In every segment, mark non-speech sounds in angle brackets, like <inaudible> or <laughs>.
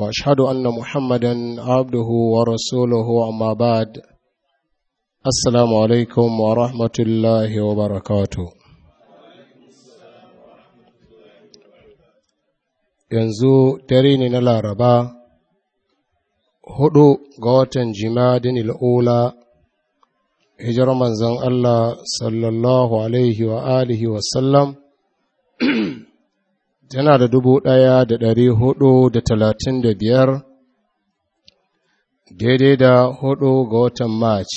واشهد ان محمدا عبده ورسوله اما بعد السلام عليكم ورحمه الله وبركاته yanzu dare ne na laraba hudu ga watan jimadin al'ula hijirar manzon Allah sallallahu alaihi wa alihi wasallam tana da dubu ɗaya da ɗari hudu da talatin da biyar daidai da hudu ga watan march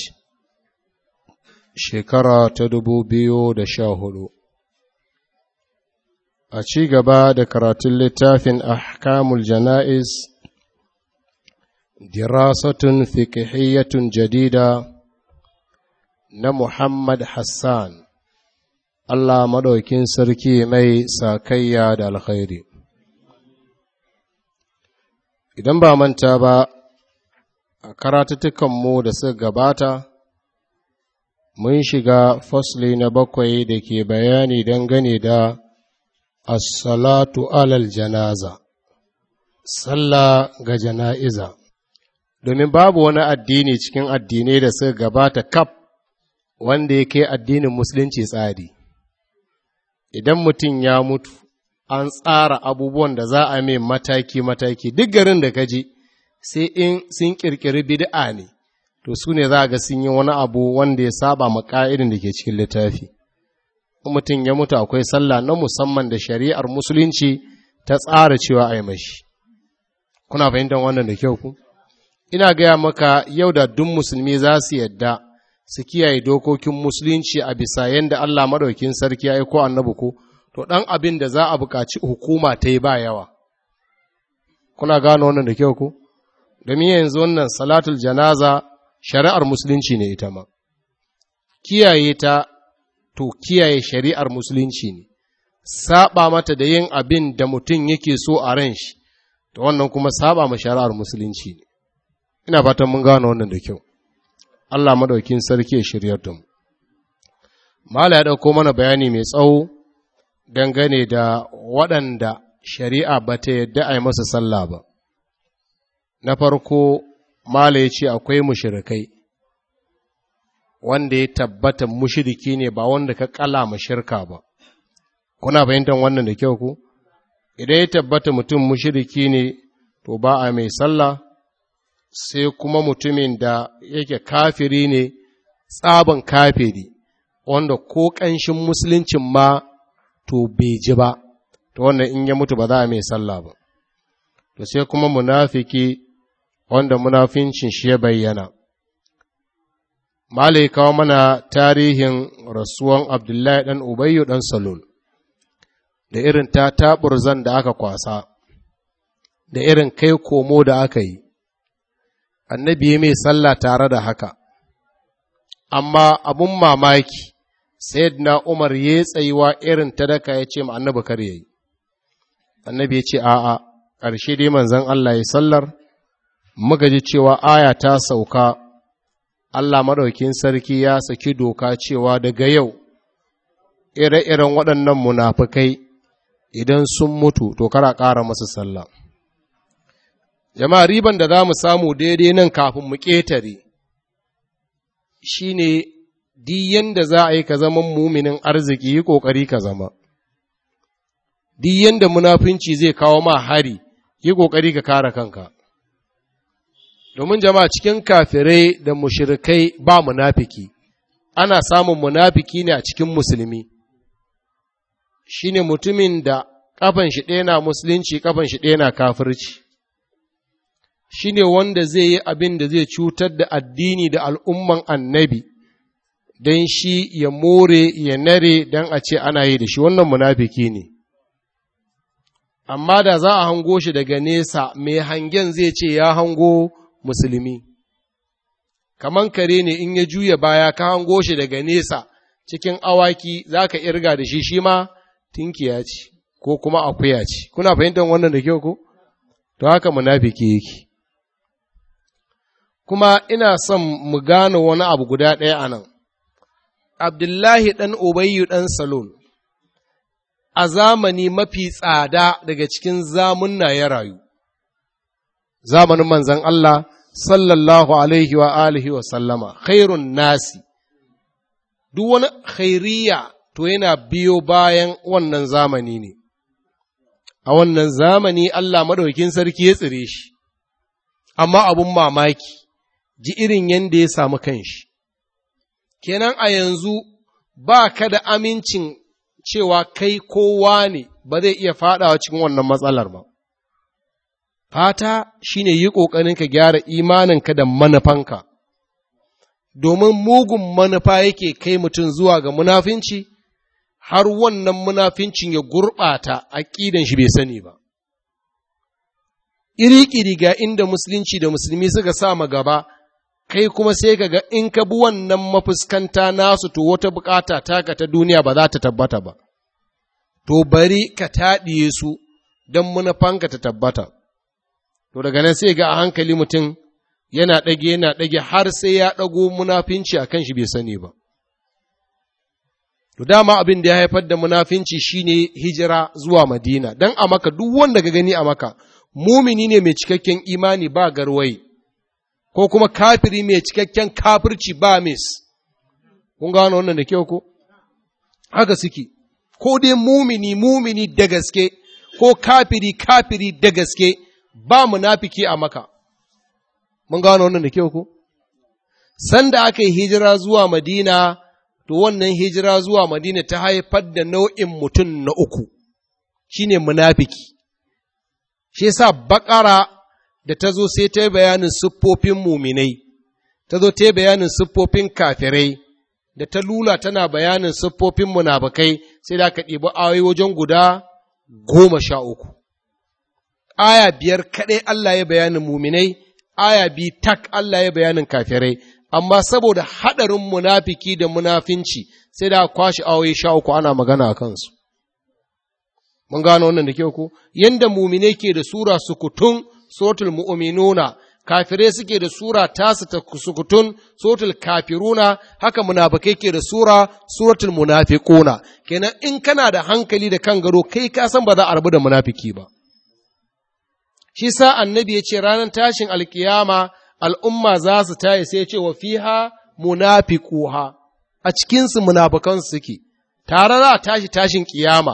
shekara ta dubu biyu da sha hudu a ci gaba da karatun littafin ahkamul jana'iz dirasatun fikihiyatun jadida na muhammad hassan Allah maɗaukin sarki mai sakayya da alkhairi. Idan ba manta ba a mu da suka gabata, mun shiga fasli na bakwai da ke bayani dangane da assalatu alal janaza, sallah ga jana'iza. Domin babu wani addini cikin addinai da suka gabata kaf wanda yake addinin musulunci tsari. idan mutum ya mutu an tsara abubuwan da za a mai mataki-mataki duk garin da kaji sai in sun kirkiri bid'a ne to su ne za a ga sun yi wani abu wanda ya saba ma ka'idin da ke cikin littafi mutum ya mutu akwai sallah na musamman da shari'ar musulunci ta tsara cewa a yi mashi kuna fahimtar wannan da kyau ku ina gaya maka yau da duk musulmi za su yadda su kiyaye dokokin musulunci a bisa yadda Allah maɗaukin sarki ya yi ko annabi ko to ɗan abin da za a buƙaci hukuma ta yi ba yawa kuna gano wannan da kyau ko domin yanzu wannan salatul janaza shari'ar musulunci ne ita ma kiyaye ta to kiyaye shari'ar musulunci ne saba mata da yin abin da mutum yake so a ran shi to wannan kuma saba ma shari'ar musulunci ne ina fatan mun gano wannan da kyau Allah madaukin sarki ya shirya tun. mu mala ya ɗauko mana bayani mai tsawo dangane da waɗanda shari'a ba ta yadda a yi masa sallah ba na farko mala ya ce akwai mushrikai wanda ya tabbata mushiriki ne ba wanda ka ƙala shirka ba kuna fahimtar wannan da kyau ku idan ya tabbata mutum mushriki ne to ba a mai sallah sai kuma mutumin da yake kafiri ne tsaban kafiri wanda ko ƙanshin musuluncin ma to bai ji ba to wannan in ya mutu ba za a mai sallah ba to sai kuma munafiki wanda munafincin shi ya bayyana Malai kawo mana tarihin rasuwan Abdullahi Dan Ubayyu ɗan Salul, da irin ta taɓurzan da aka kwasa, da irin kai komo da aka yi, annabi ya mai sallah tare da haka amma abun mamaki na umar ya tsayuwa irin ta daka ya ce annabi kar yayi annabi ya ce a'a ƙarshe dai manzan Allah ya sallar Magaji cewa aya ta sauka Allah maɗaukin sarki ya saki doka cewa daga yau ire-iren waɗannan munafukai idan sun mutu to kara ƙara masu sallah jama'a riban da za mu samu daidai nan kafin mu ƙetare shi ne diyan za a yi ka zama muminin arziki yi ƙoƙari ka zama diyan da munafinci zai kawo ma hari yi ƙoƙari ka kare kanka domin jama'a cikin kafirai da mushirikai ba munafiki ana samun munafiki ne a cikin musulmi Shi ne mutumin da ƙafan shi ɗaya na musulunci ƙafan shi ɗaya na kafirci shi ne wanda zai yi abin da zai cutar da addini da al'umman annabi don shi ya more ya nare don a ce ana yi da shi wannan munafiki ne amma da za a hango shi daga nesa mai hangen zai ce ya hango musulmi kaman kare ne in ya juya baya ka hango shi daga nesa cikin awaki za ka irga da shi shi ma tinkiya ce ko kuma akuya ce kuna fahimtar wannan da kyau ko to haka munafiki yake kuma ina son mu gane wani abu guda ɗaya a nan. Abdullahi ɗan Ubayyu ɗan Salon, a zamani mafi tsada daga cikin zamunna ya rayu, zamanin manzan Allah, sallallahu alaihi wa alihi wa sallama, khairun nasi, duk wani khairiya to yana biyo bayan wannan zamani ne. A wannan zamani Allah maɗaukin sarki ya tsire shi, amma abun mamaki. ji irin yadda ya samu kan shi. Kenan a yanzu ba ka da amincin cewa kai kowa ne ba zai iya faɗawa cikin wannan matsalar ba. Fata shi ne yi ƙoƙarin ka gyara imaninka da manufanka, domin mugun manufa yake kai mutum zuwa ga munafinci, har wannan munafincin ya gurɓata aƙidan shi bai sani ba. iri ga inda musulunci da musulmi suka sa ma gaba kai kuma sai ka ga in ka bi wannan mafuskanta nasu to wata bukata taka ta duniya ba za ta tabbata ba, to bari ka taɗiye su don fanka ta tabbata. To daga nan sai ga a hankali mutum yana ɗage yana ɗage har sai ya ɗago munafinci a kan shi bai sani ba. To dama abin da ya haifar da munafinci shine hijira zuwa Madina, don a maka duk wanda ka gani a maka, mumini ne mai cikakken imani ba garwai. ko kuma kafiri mai cikakken kafirci ba mis. Kun gano wannan da kyau ko? Haka suke, ko dai mumini mumini da gaske, ko kafiri kafiri da gaske ba munafiki a maka. Mun gano wannan da kyau ko? Sanda aka yi hijira zuwa Madina, to wannan hijira zuwa Madina ta haifar da nau'in mutum na uku, shine munafiki. Shi yasa baƙara da ta zo sai ta yi bayanin siffofin muminai, ta zo ta yi bayanin siffofin kafirai, da ta lula tana bayanin siffofin munafukai sai da aka ɗibi awai wajen guda goma sha uku. Aya biyar kaɗai Allah ya bayanin muminai, aya bi tak Allah ya bayanin kafirai, amma saboda haɗarin munafiki da munafinci sai da kwashe awai sha uku ana magana a kansu. Mun gano wannan da kyau ko? Yanda muminai ke da sura sukutun sotul mu'minuna kafirai suke da sura tasu ta kusukutun suratul kafiruna haka munafikai ke da sura suratul munafiquna kenan in kana da hankali da kan gado kai kasan san ba za a rabu da munafiki ba shi sa annabi ya ce ranar tashin alkiyama al'umma za su taye sai ce wa fiha munafiquha a cikinsu munafukan suke tare za a tashi tashin kiyama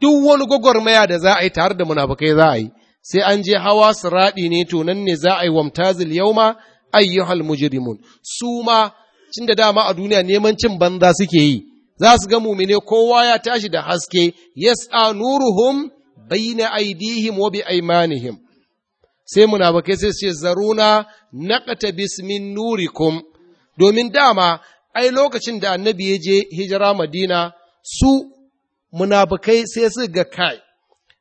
duk wani gwagwarmaya da za a yi tare da munafikai za a yi sai an je hawa siraɗi ne to ne za a yi wamtazil yauma ayyuhal mujrimun su ma cin da dama a duniya neman cin banza suke yi za su ga mumine kowa ya tashi da haske Yes, a nuruhum bayna aidihim wa bi aymanihim sai munafikai sai ce zaruna naqata bismin nurikum domin dama ai lokacin da annabi ya je hijira madina su munafikai sai su ga kai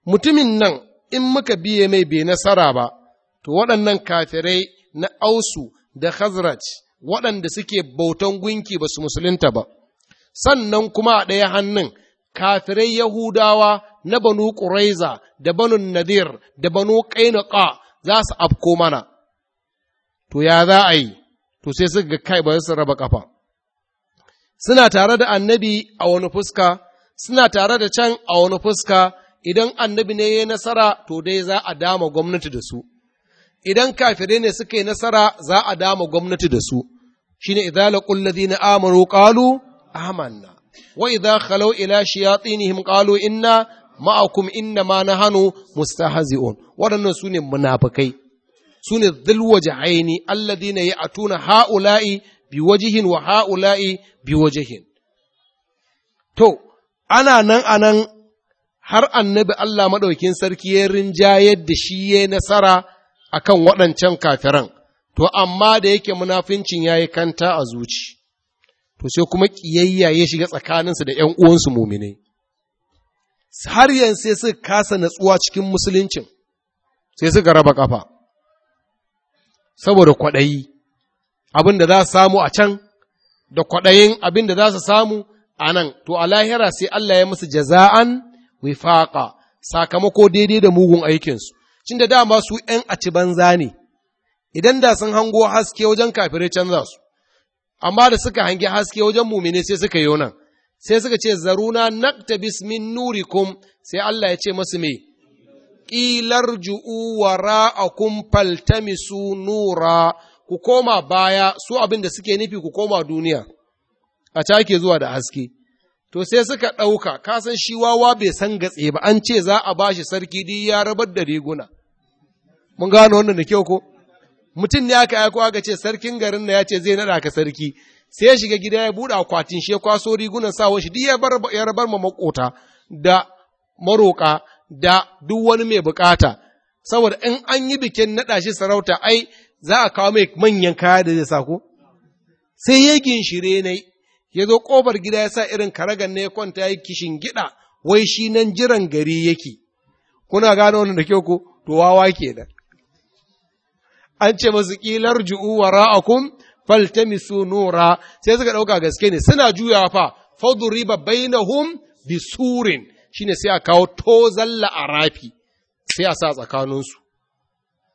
mutumin nan in muka biye mai bai nasara ba, to waɗannan kafirai na ausu da khazraj waɗanda suke bautan gunki ba su musulunta ba, sannan kuma a ɗaya hannun kafirai Yahudawa na banu Ƙuraiza da banu Nadir da banu Ƙainuka za su afko mana, to ya za a yi, to sai su ga kai ba su raba ƙafa. Suna tare da annabi a wani fuska, suna tare da can a wani fuska, idan annabi ne ya nasara to dai za a dama gwamnati da su, idan kafirai ne suka yi nasara za a dama gwamnati da su, shi ne idala ƙullazi na amuru ƙalu amanna, wa idan khalau ila shayatinihim ƙalu inna ma'akum inna ma na hannu mustahazi'un, waɗannan su ne munafukai, su ne zilwaje aini allazi ne ya atuna ha'ula'i bi wajihin wa ha'ula'i bi wajihin. To, ana nan a nan har annabi Allah maɗaukin sarki ya rinjayar da shi ya nasara akan kan waɗancan kafiran, to amma da yake munafincin ya yi kanta a zuci, to sai kuma ƙiyayya ya shiga tsakaninsu da ‘yan uwansu muminai. Har yanzu sai suka kasa natsuwa cikin musuluncin, sai suka raba ƙafa, saboda kwaɗayi, abin da za su samu a can, da kwaɗayin abin da za su samu a nan, to a lahira sai Allah ya musu jaza'an wifaƙa sakamako daidai da mugun aikinsu cin da dama su ‘yan a ci banza ne idan da sun hango haske wajen kafirai canza su amma da suka hangi haske wajen mumine sai suka yi nan sai suka ce zaruna naktabis nuri nurikum sai Allah ya ce masu mai ƙilar ju'u wara'akum faltamisu nura ku koma baya su abin da suke nufi ku koma duniya a ke zuwa da haske to sai suka ɗauka, kasan shi wawa bai san gatse ba, an ce za a bashi sarki di ya rabar da riguna. Mun gano wannan da kyau ko? Mutum ne aka kowa aka ce sarkin garin na ya ce zai naɗa ka sarki, sai ya shiga gida ya buɗe akwatin shi ya kwaso rigunan sa shi di ya rabar ma makota da maroƙa da duk wani mai bukata, saboda in an yi bikin naɗa shi sarauta ai za a kawo mai manyan kaya da zai sa ko? Sai ya ginshire yi. ya zo ƙofar gida ya sa irin karagan ne ya kwanta ya yi kishin gida wai shi nan jiran gari yake kuna gano wannan da kyau ku? to wawa ke da an ce masu ƙilar ju'u wa ra'akum faltamisu nura sai suka ɗauka gaske ne suna juya fa faduriba bainahum bisurin ne sai a kawo zalla a rafi sai a sa tsakaninsu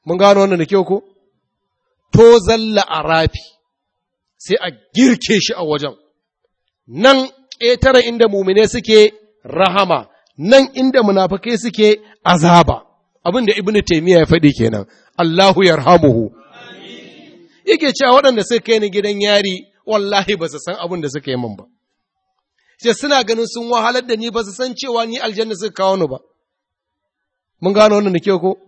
mun gano wannan da kyau ko zalla a rafi sai a girke shi a wajen nan ƙetare inda mumine suke rahama, nan inda munafukai suke azaba, abin da Ibn ya faɗi kenan, Allahu ya yarhamuhu. Yake cewa waɗanda suka kai ni gidan yari, wallahi ba su san abin da suka yi min ba. Sai suna ganin sun wahalar da ni ba su san cewa ni aljanna suka kawo ni ba. Mun gano wannan da ke ko?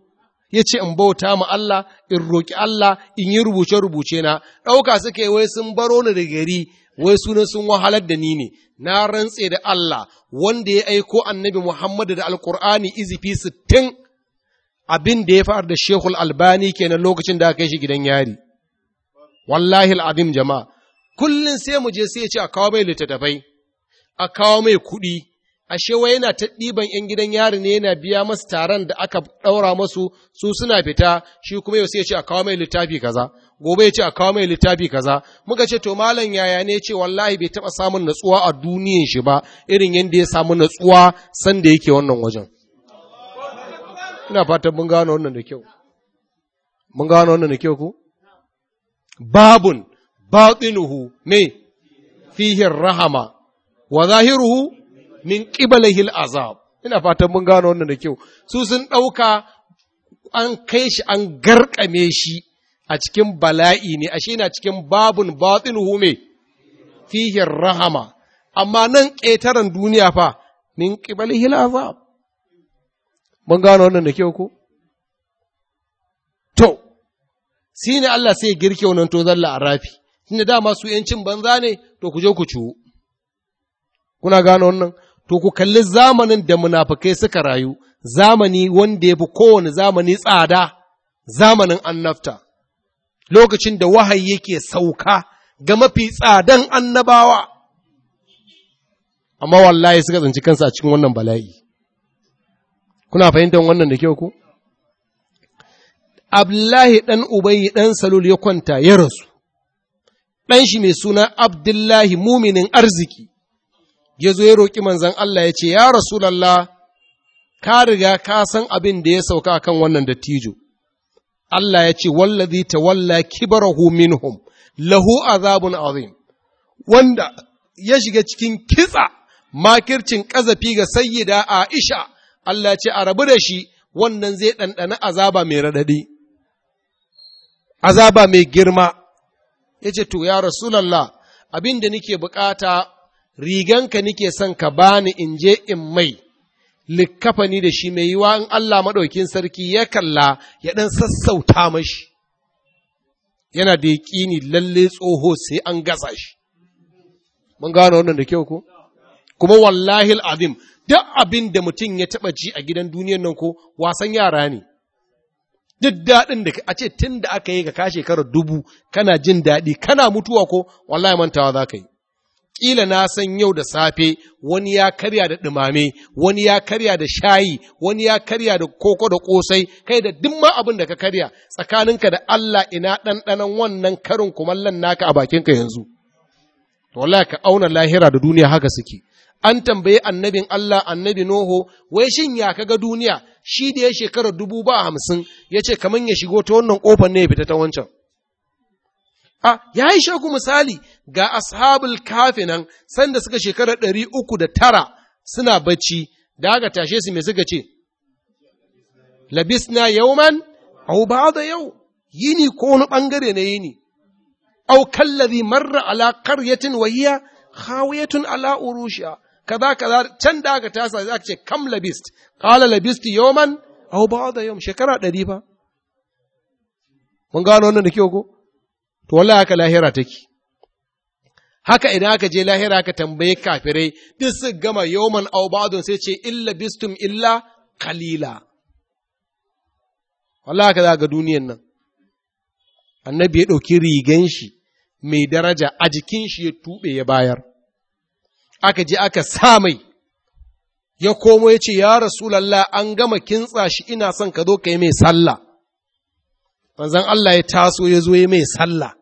ya ce in bauta ma Allah, in roƙi Allah, in yi rubuce-rubuce na, ɗauka suka yi wai sun baro ni da gari wai sunan sun wahalar da ni ne, na rantse da Allah wanda ya aiko annabi Muhammadu da Alƙur'ani izifi sittin abin da ya fa'ar da Shehul Albani kenan lokacin da aka yi shi gidan yari. Wallahi al'adim jama'a, kullum sai mu je sai ya ce a kawo mai littattafai, a kawo mai kuɗi, ashe wai yana ta ɗiban ‘yan gidan yari ne yana biya masu taron da aka ɗaura masu su suna fita shi kuma yau sai ya ce a kawo mai littafi kaza. gobe ya ce a kawo mai littafi kaza muka ce to malam yaya ne ce wallahi bai taba samun natsuwa a duniyan shi ba irin yadda ya samu natsuwa sanda yake wannan wajen ina fatan mun gano wannan da kyau mun gano wannan da kyau ku babun ne? rahama wa zahiruhu min azab ina fatan mun gano wannan da kyau su sun ɗauka an kai shi an garƙame shi a cikin bala'i ne ashe na cikin babun batsin hume fihin rahama amma nan ƙetaren duniya fa min ƙibali azab mun gano wannan da kyau ko to si ne Allah sai girke wannan to zalla a rafi tunda dama su yancin banza ne to ku je ku ciwo kuna gano wannan to ku kalli zamanin da munafukai suka rayu zamani wanda ya fi kowane zamani tsada zamanin annafta lokacin da wahayi yake sauka ga mafi tsadan annabawa amma wallahi suka zanci kansu a cikin wannan bala'i kuna fahimtar wannan da kyau ko Abdullahi ɗan Ubayi ɗan Salul ya kwanta ya rasu, ɗan shi mai suna Abdullahi muminin arziki, ya zo ya roƙi manzan Allah ya ce, Ya Rasulallah, ka riga ka san abin da ya sauka kan wannan dattijo, Allah ya ce wallazi walla kibarahu minhum lahu azabun azim wanda ya shiga cikin kitsa makircin ƙazafi ga sayyida Aisha Allah ya ce a rabu da shi wannan zai ɗanɗana azaba mai raɗaɗi azaba mai girma ya ce to ya rasulallah abin da nake bukata riganka nake son ka bani in je in mai likafani da shi mai yiwa in Allah maɗaukin sarki ya kalla ya ɗan sassauta mashi, yana da yaƙini lalle tsoho sai an gasa shi. Mun gano wannan da kyau ko? Kuma wallahi al'adim, duk abin da mutum ya taɓa ji a gidan duniyan nan ko wasan yara ne. Duk daɗin da a ce tun da aka yi ka kashe shekarar dubu kana jin daɗi kana mutuwa ko wallahi mantawa za ka yi. ƙila na san yau da safe wani ya karya da ɗumame, wani ya karya da shayi, wani ya karya da koko da ƙosai, kai da duk ma abin da ka karya tsakaninka da Allah ina ɗanɗanan wannan karin kumallon naka a bakinka yanzu. Wallahi ka auna lahira da duniya haka suke. An tambayi annabin Allah annabi Nuhu, wai shin ya kaga duniya shi da ya shekarar dubu ba hamsin ya ce kamar ya shigo ta wannan ƙofar ne ya fita ta wancan. A, ya yi shaku misali ga ashabul kafi nan, sanda suka shekara ɗari uku da tara suna bacci, da aka tashe su mai suka ce, Labisna yauman, au ba da yau, yini ko wani ɓangare na yini, au kallazi marra ala karyatin wahiya, khawiyatun ala urusha, kaza kaza can da aka tasa za ce kam labist, kala labist yauman, au ba da yau, shekara ɗari ba. Mun gano wannan da kyau ko? to wallahi haka lahira take haka idan aka je lahira ka tambaye kafirai duk su gama yawman aw sai ce illa bistum illa qalila wallahi haka za ga duniyan nan annabi ya ɗauki rigan shi mai daraja a jikin shi ya tuɓe ya bayar aka je aka sa mai ya komo ya ce ya rasulallah an gama kintsa shi ina son ka zo ka yi mai sallah manzan Allah ya taso ya zo ya mai sallah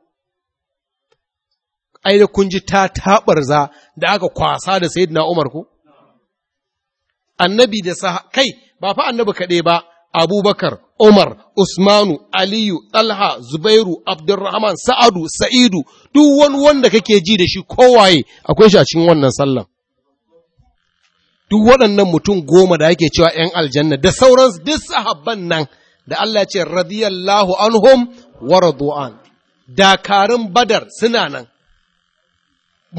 ai da kun ji ta taɓarza da aka kwasa da sayyidina Umar ku annabi da sa kai ba fa annabi kaɗai ba abubakar umar usmanu aliyu talha zubairu abdurrahman sa'adu sa'idu duk wani wanda kake ji da shi kowaye akwai shi a cikin wannan salla duk waɗannan mutum goma da ake cewa ‘yan aljanna da sauransu duk sahabban nan da Allah ce radiyallahu anhum wa radu'an dakarun badar suna nan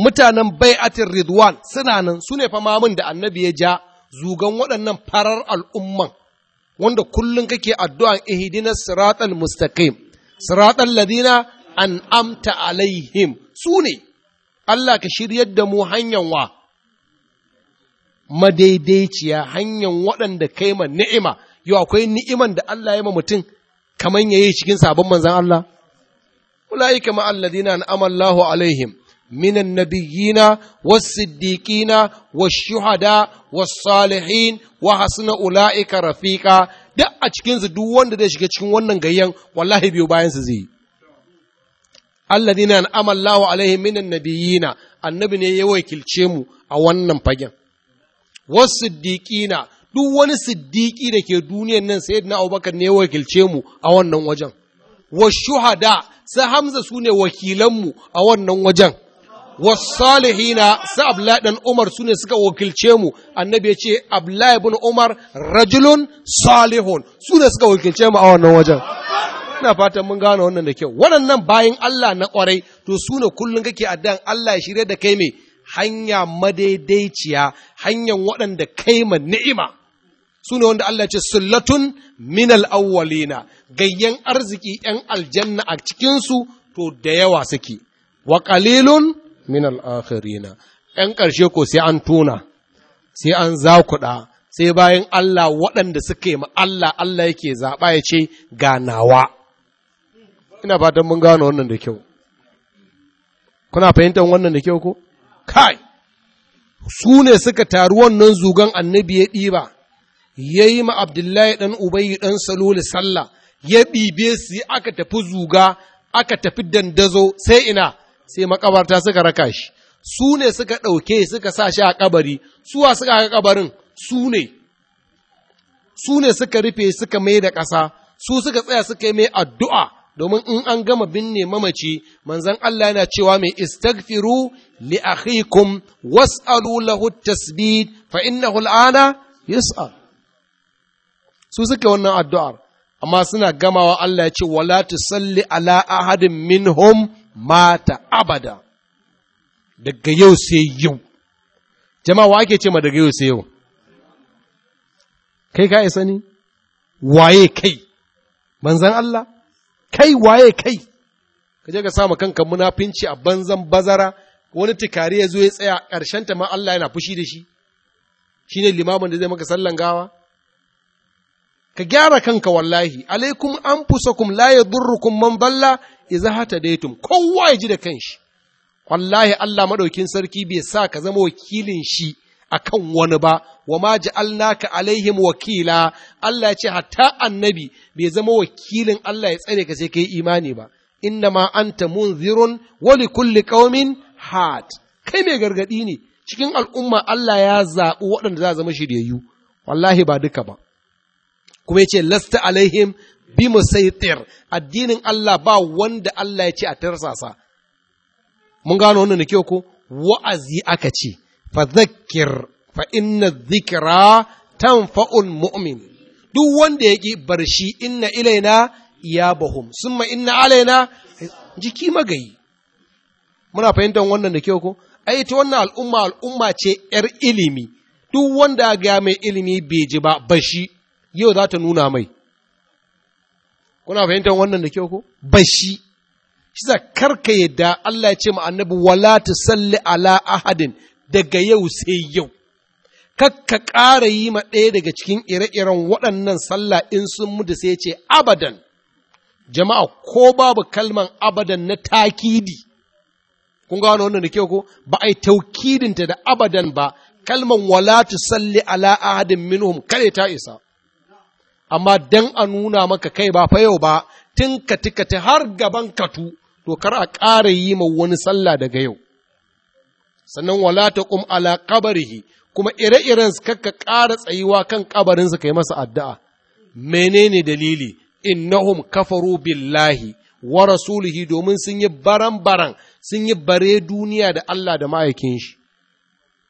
mutanen bai'atin ridwan suna nan su ne famamin da annabi ya ja zugan waɗannan farar al'umman wanda kullum kake addu'an ihidina siratal mustaqim siratal ladina an amta alaihim su ne Allah ka shiryar da mu hanyar wa madaidaiciya hanyar waɗanda kai ma ni'ima yau akwai ni'iman da Allah ya ma mutum kamar yayi cikin sabon manzon Allah ulaika ma na an'ama Allahu alaihim minan nabiyyina was-siddiqina wash-shuhada was-salihin wa hasuna ulaika rafiqa duk a cikin su duk wanda zai shiga cikin wannan gayyan wallahi biyo bayan su zai alladhina an'ama Allahu alaihim minan nabiyyina annabi ne ya wakilce mu a wannan fagen was-siddiqina duk wani Siddiki da ke duniyan nan sai na abubakar ne wakilce mu a wannan wajen wa shuhada sa hamza su ne wakilanmu a wannan wajen wa salihina sa abdullahi dan umar su ne suka wakilce mu annabi ya ce abdullahi ibn umar rajulun salihun su ne suka wakilce mu a wannan wajen ina fatan mun gane wannan da kyau waɗannan bayan Allah na ƙwarai to su ne kullum kake addan Allah ya shirya da kai me hanya madaidaiciya hanyar waɗanda kai ma ni'ima su ne wanda Allah ce sullatun minal awwalina gayyan arziki ‘yan aljanna a cikinsu to da yawa suke, wa ƙalilun minal akhirina ‘yan ƙarshe ko sai an tona, sai an zakuɗa, sai bayan Allah waɗanda suka yi Allah Allah yake zaɓa ya ce ganawa. Ina fatan mun gano wannan da kyau. Kuna fahimtar wannan da kyau ko? Kai! Su ne suka taru wannan zugan annabi ya ɗiba. ya yi ma Abdullahi ɗan Ubayi ɗan Salulu sallah, ya ɗibe su aka tafi zuga, aka tafi dandazo sai ina, sai makabarta suka raka shi. Su ne suka ɗauke suka sa shi a kabari, suwa suka haka kabarin su ne. Su ne suka rufe suka mai da ƙasa, su suka tsaya suka yi mai addu'a domin in an gama binne mamaci manzan Allah yana cewa mai istagfiru li akhikum was'alu lahu tasbid fa innahu al'ana yus'al su suka wannan addu'ar amma suna gamawa Allah ya ce wala tusalli ala ahadin minhum mata abada daga yau sai yau jama'a ake ce ma daga yau sai yau kai ka isa ni waye kai manzan Allah kai waye kai ka je ka samu kanka munafinci a banzan bazara wani tukari ya zo ya tsaya ƙarshen ta ma Allah yana fushi da shi Shi ne limamin da zai maka sallan gawa ka gyara kanka wallahi alaikum an anfusakum la yadurrukum man dalla hata daitum kowa ya ji da kanshi wallahi Allah maɗaukin sarki bai sa ka zama wakilin shi akan wani ba wa ma ji ka alaihim wakila Allah ya ce hatta annabi bai zama wakilin Allah ya tsare ka sai ka yi imani ba inna ma anta munzirun wali kulli ƙaumin had kai mai gargaɗi ne cikin al'umma Allah ya zaɓi waɗanda za zama shiryayyu wallahi ba duka ba kuma ya ce lasta alaihim bi musaitir addinin Allah ba wanda Allah ya ce a tarsasa mun gano wannan da kyau ko wa'azi aka ce fa zakkir fa inna dhikra mu'min duk wanda yake barshi inna ilaina ya iyabahum summa inna alaina jiki magayi muna fahimtar wannan da kyau ko ai ta wannan al'umma al'umma ce ‘yar ilimi, duk wanda ga mai ilimi bai ji ba bashi, yau za ta nuna mai kuna fahimtar wannan da kyau ko bashi shi za karka yadda Allah ya ce ma annabi wala ta salli ala ahadin daga yau sai yau kakka ƙara yi ma ɗaya daga cikin ire-iren waɗannan sallah in sun mutu sai ce abadan jama'a ko babu kalman abadan na takidi kun gano wannan da kyau ko ba a yi taukidinta da abadan ba kalman wala ta salli ala ahadin minhum kare ta isa amma don a nuna maka kai ba fa yau ba tun katikati har gaban katu to kar a ƙara yi ma wani sallah daga yau sannan wala taqum ala qabrihi kuma ire-iren su kakka ƙara tsayuwa kan ƙabarinsa yi masa addu'a menene dalili innahum kafaru billahi wa rasulihi domin sun yi baran-baran sun yi bare duniya da Allah da ma'aikin shi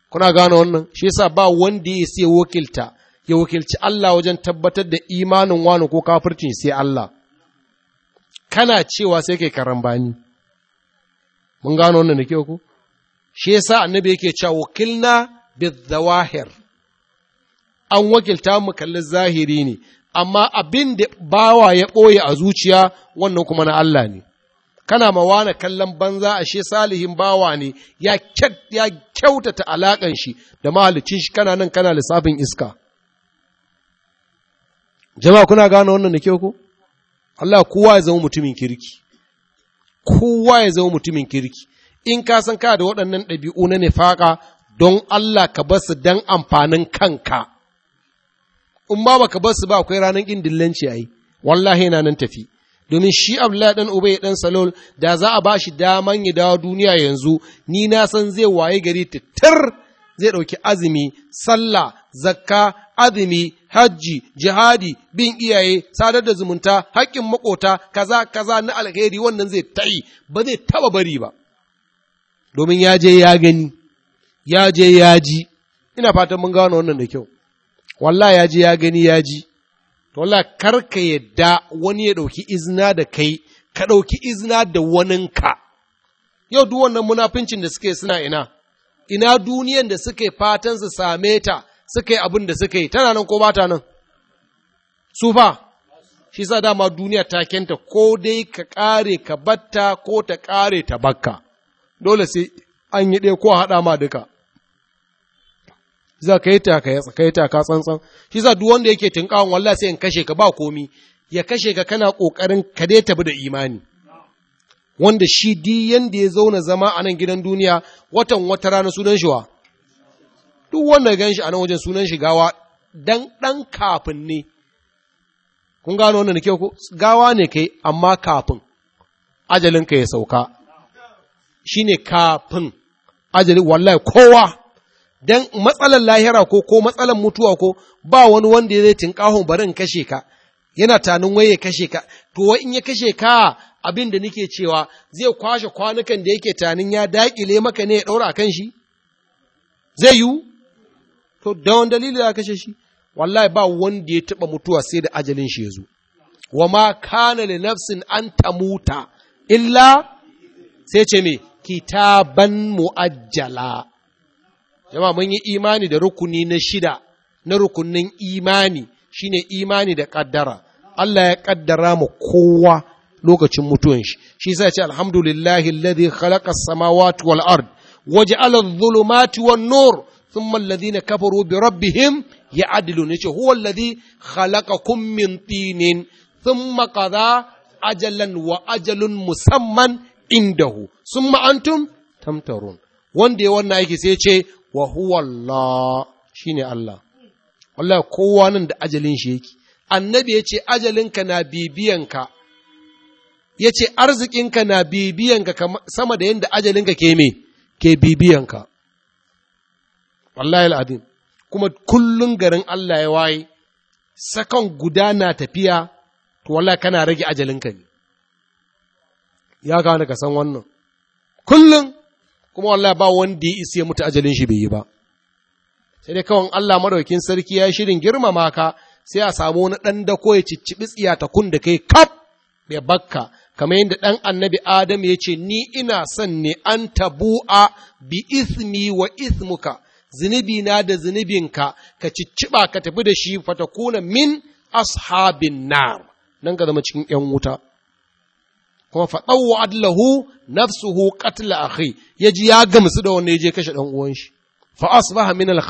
kuna gano wannan shi yasa ba wanda ya sai wakilta ya wakilci Allah wajen tabbatar da imanin wani ko kafircin sai Allah kana cewa sai kai karambani mun gano wannan da ke ku shi yasa annabi yake cewa wakilna bizawahir an wakilta mu kalli zahiri ne amma abin da bawa ya ɓoye a zuciya wannan kuma na Allah ne kana mawana kallon banza a she salihin bawa ne ya kyautata alaƙan shi da mahalicin shi kana nan kana lissafin iska jama'a kuna gano wannan da kyau ko Allah kowa ya zama mutumin kirki kowa ya zama mutumin kirki in ka san ka da waɗannan ɗabi'u na nifaka don Allah ka bar su dan amfanin kanka in ba baka bar su ba akwai ranar ƙin dillanci ayi, wallahi na nan tafi domin shi Abdullahi dan ya dan Salol da za a bashi daman ya dawo duniya yanzu ni na san zai waye gari tattar. zai ɗauki azumi, sallah, zakka, azumi, hajji, jihadi, bin iyaye, sadar da zumunta, haƙƙin maƙota, kaza kaza na alheri wannan zai ta'i, ba zai taba bari ba. Domin ya je ya gani, ya je ya ji, ina fatan mun gano wannan da kyau. Wallah ya je ya gani ya ji, to wallah kar ka yadda wani ya ɗauki izina da kai, ka ɗauki izina da waninka. Yau duk wannan munafincin da suke suna ina, ina duniyan da suke fatan su same ta suke abin da suke, yi tana nan ko ba ta nan su fa shi sa dama duniya ta kenta ko dai ka kare ka batta ko ta kare ta bakka dole sai an yi ɗaya ko haɗa ma duka za ka yi ka ya ka yi ta ka tsantsan shi sa duk wanda yake tinkawan wallah sai in kashe ka ba komi ya kashe ka kana ƙoƙarin ka dai tabi da imani wanda shi di yanda ya zauna zama a nan gidan duniya watan wata rana sunan shi wa duk wanda gan shi a nan wajen sunan shi gawa dan dan kafin ne kun gano wannan kyau ko gawa ne kai amma kafin ajalinka ya sauka shine kafin ajali wallahi kowa dan matsalar lahira ko ko matsalar mutuwa ko ba wani wanda zai bari barin kashe ka yana tanin wai ya kashe ka to in ya kashe ka abin da nake cewa zai kwashe kwanukan da yake tanin ya daƙile maka ne ya ɗaura kan shi? Zai yi To, da wani dalili ya kashe shi, wallahi ba wanda ya taɓa mutuwa sai da ajalin shi ya zo. Wa ma kana li nafsin an ta muta illa sai ce me, kitaban mu'ajjala. Jama mun yi imani da rukuni na shida, na rukunin imani, shine imani da ƙaddara. Allah ya ƙaddara mu kowa lokacin mutuwan shi shi sa ce alhamdulillahi alladhi khalaqa as-samawati wal ard waja'ala adh-dhulumati wan nur thumma alladhina kafaru bi rabbihim ya'dilun yace huwa alladhi khalaqakum min tinin thumma qada ajalan wa ajalun musamman indahu summa antum tamtarun wanda ya wannan aiki sai ce wa huwa Allah shine Allah wallahi kowa nan da ajalin shi yake annabi ya ce ajalinka na bibiyanka ya ce arzikinka na bibiyanka sama da yadda ajalinka ke me ke bibiyanka wallahi al'adun. kuma kullum garin Allah ya waye sakan guda na tafiya to wallahi kana rage ajalinka ne ya gane ka san wannan kullum kuma wallahi ba wanda ya isi ya mutu ajalin shi bai yi ba sai dai kawai Allah madaukin sarki ya shirin girmama ka sai a samu wani ɗan dako ya cicci tsiya ta kun da kai kaf ya bakka kamar yadda ɗan annabi Adam ya ce, Ni ina son ne an tabu'a bi ismi wa ismuka, zunubi na da zunubinka, ka cicciɓa ka tafi da shi fatakuna min ashabin nar, nan ka zama cikin ‘yan wuta. Kuma faɗau adlahu nafsuhu qatla akhi ya ji ya gamsu da wanda ya je kashe ɗan uwan shi, fa asbaha min al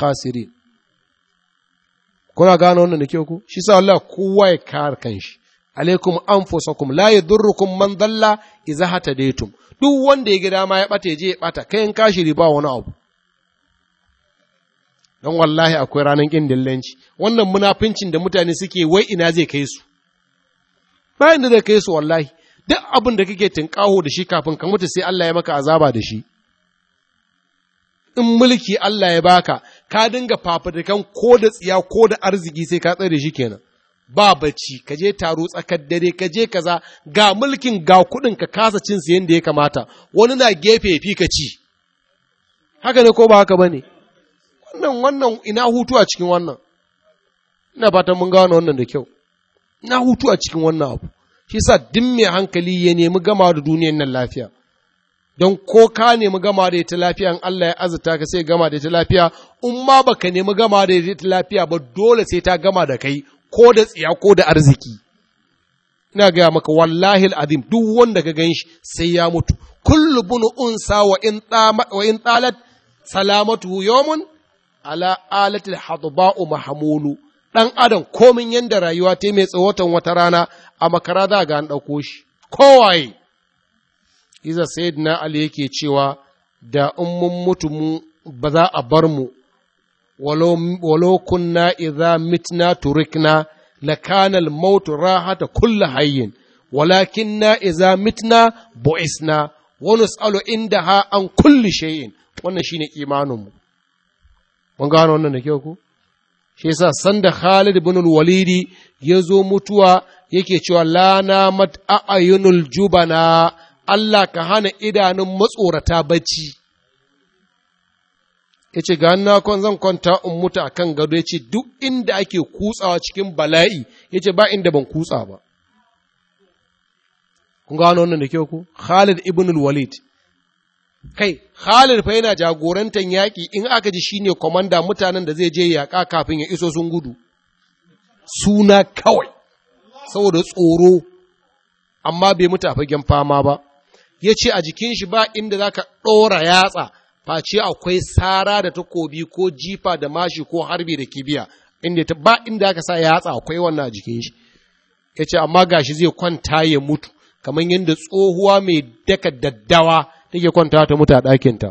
Kuna gano wannan da kyau ku? Shi sa Allah kowa ya kare kanshi. alaikum anfusakum la yadurrukum man dalla idza hatadaytum duk wanda ya ga ma ya bata je ya bata kai in kashi riba wani abu dan wallahi akwai ranar kin dillanci wannan munafincin da mutane suke wai ina zai kai su bayan da zai kai su wallahi duk abin da kake tinkaho da shi kafin ka mutu sai Allah ya maka azaba da shi in mulki Allah ya baka ka dinga fafadukan ko da tsiya ko da arziki sai ka tsare shi kenan ba bacci ka je taro tsakar dare ka je kaza ga mulkin ga kuɗin ka kasa cin su yadda ya kamata wani na gefe fi ka ci haka ne ko ba haka bane wannan wannan ina hutu a cikin wannan ina fatan mun gano wannan da kyau ina hutu a cikin wannan abu shi sa duk mai hankali ya nemi gama da duniyar nan lafiya don ko ka nemi gama da ita lafiya in Allah ya azurta ka sai gama da ita lafiya in ma baka nemi gama da ita lafiya ba dole sai ta gama da kai ko da tsiya ko da arziki ina gaya maka wallahi azim duk wanda ka gan shi sai ya mutu kullu bunu unsa wa in wa salamatu yawmun ala alati hadba'u mahmulu ɗan adam komin yanda rayuwa ta mai tsohotan wata rana a makara za ga an ɗauko shi kowaye iza na ali yake cewa da in mun mutu mu ba za a bar mu walau kunna idza mitna turikna lakana al-maut rahata kulli hayyin walakinna idza mitna bu'isna wa nus'alu indaha an kulli shay'in wannan shine imanin mu mun gano wannan da kyau ku shi yasa sanda Khalid ibn al-Walid ya zo mutuwa yake cewa la namat a'yunul jubana Allah ka hana idanun matsorata bacci ya ce ga zan kwanta in mutu a kan gado ya ce duk inda ake kutsawa cikin bala'i ya ce ba inda ban kutsa ba kun gano wannan da kyau ku Khalid ibn walid kai Khalid fa yana jagorantar yaƙi in aka ji shine komanda mutanen da zai je yaƙa kafin ya iso sun gudu suna kawai saboda tsoro amma bai mutu a fagen fama ba ya ce a jikin shi ba inda za ka ɗora yatsa face akwai sara da takobi ko jifa da mashi ko harbi da kibiya inda ta ba inda aka sa ya hatsa akwai wannan a jikin shi ya ce amma ga shi zai kwanta ya mutu kamar yadda tsohuwa mai daka daddawa take kwanta ta mutu a ɗakinta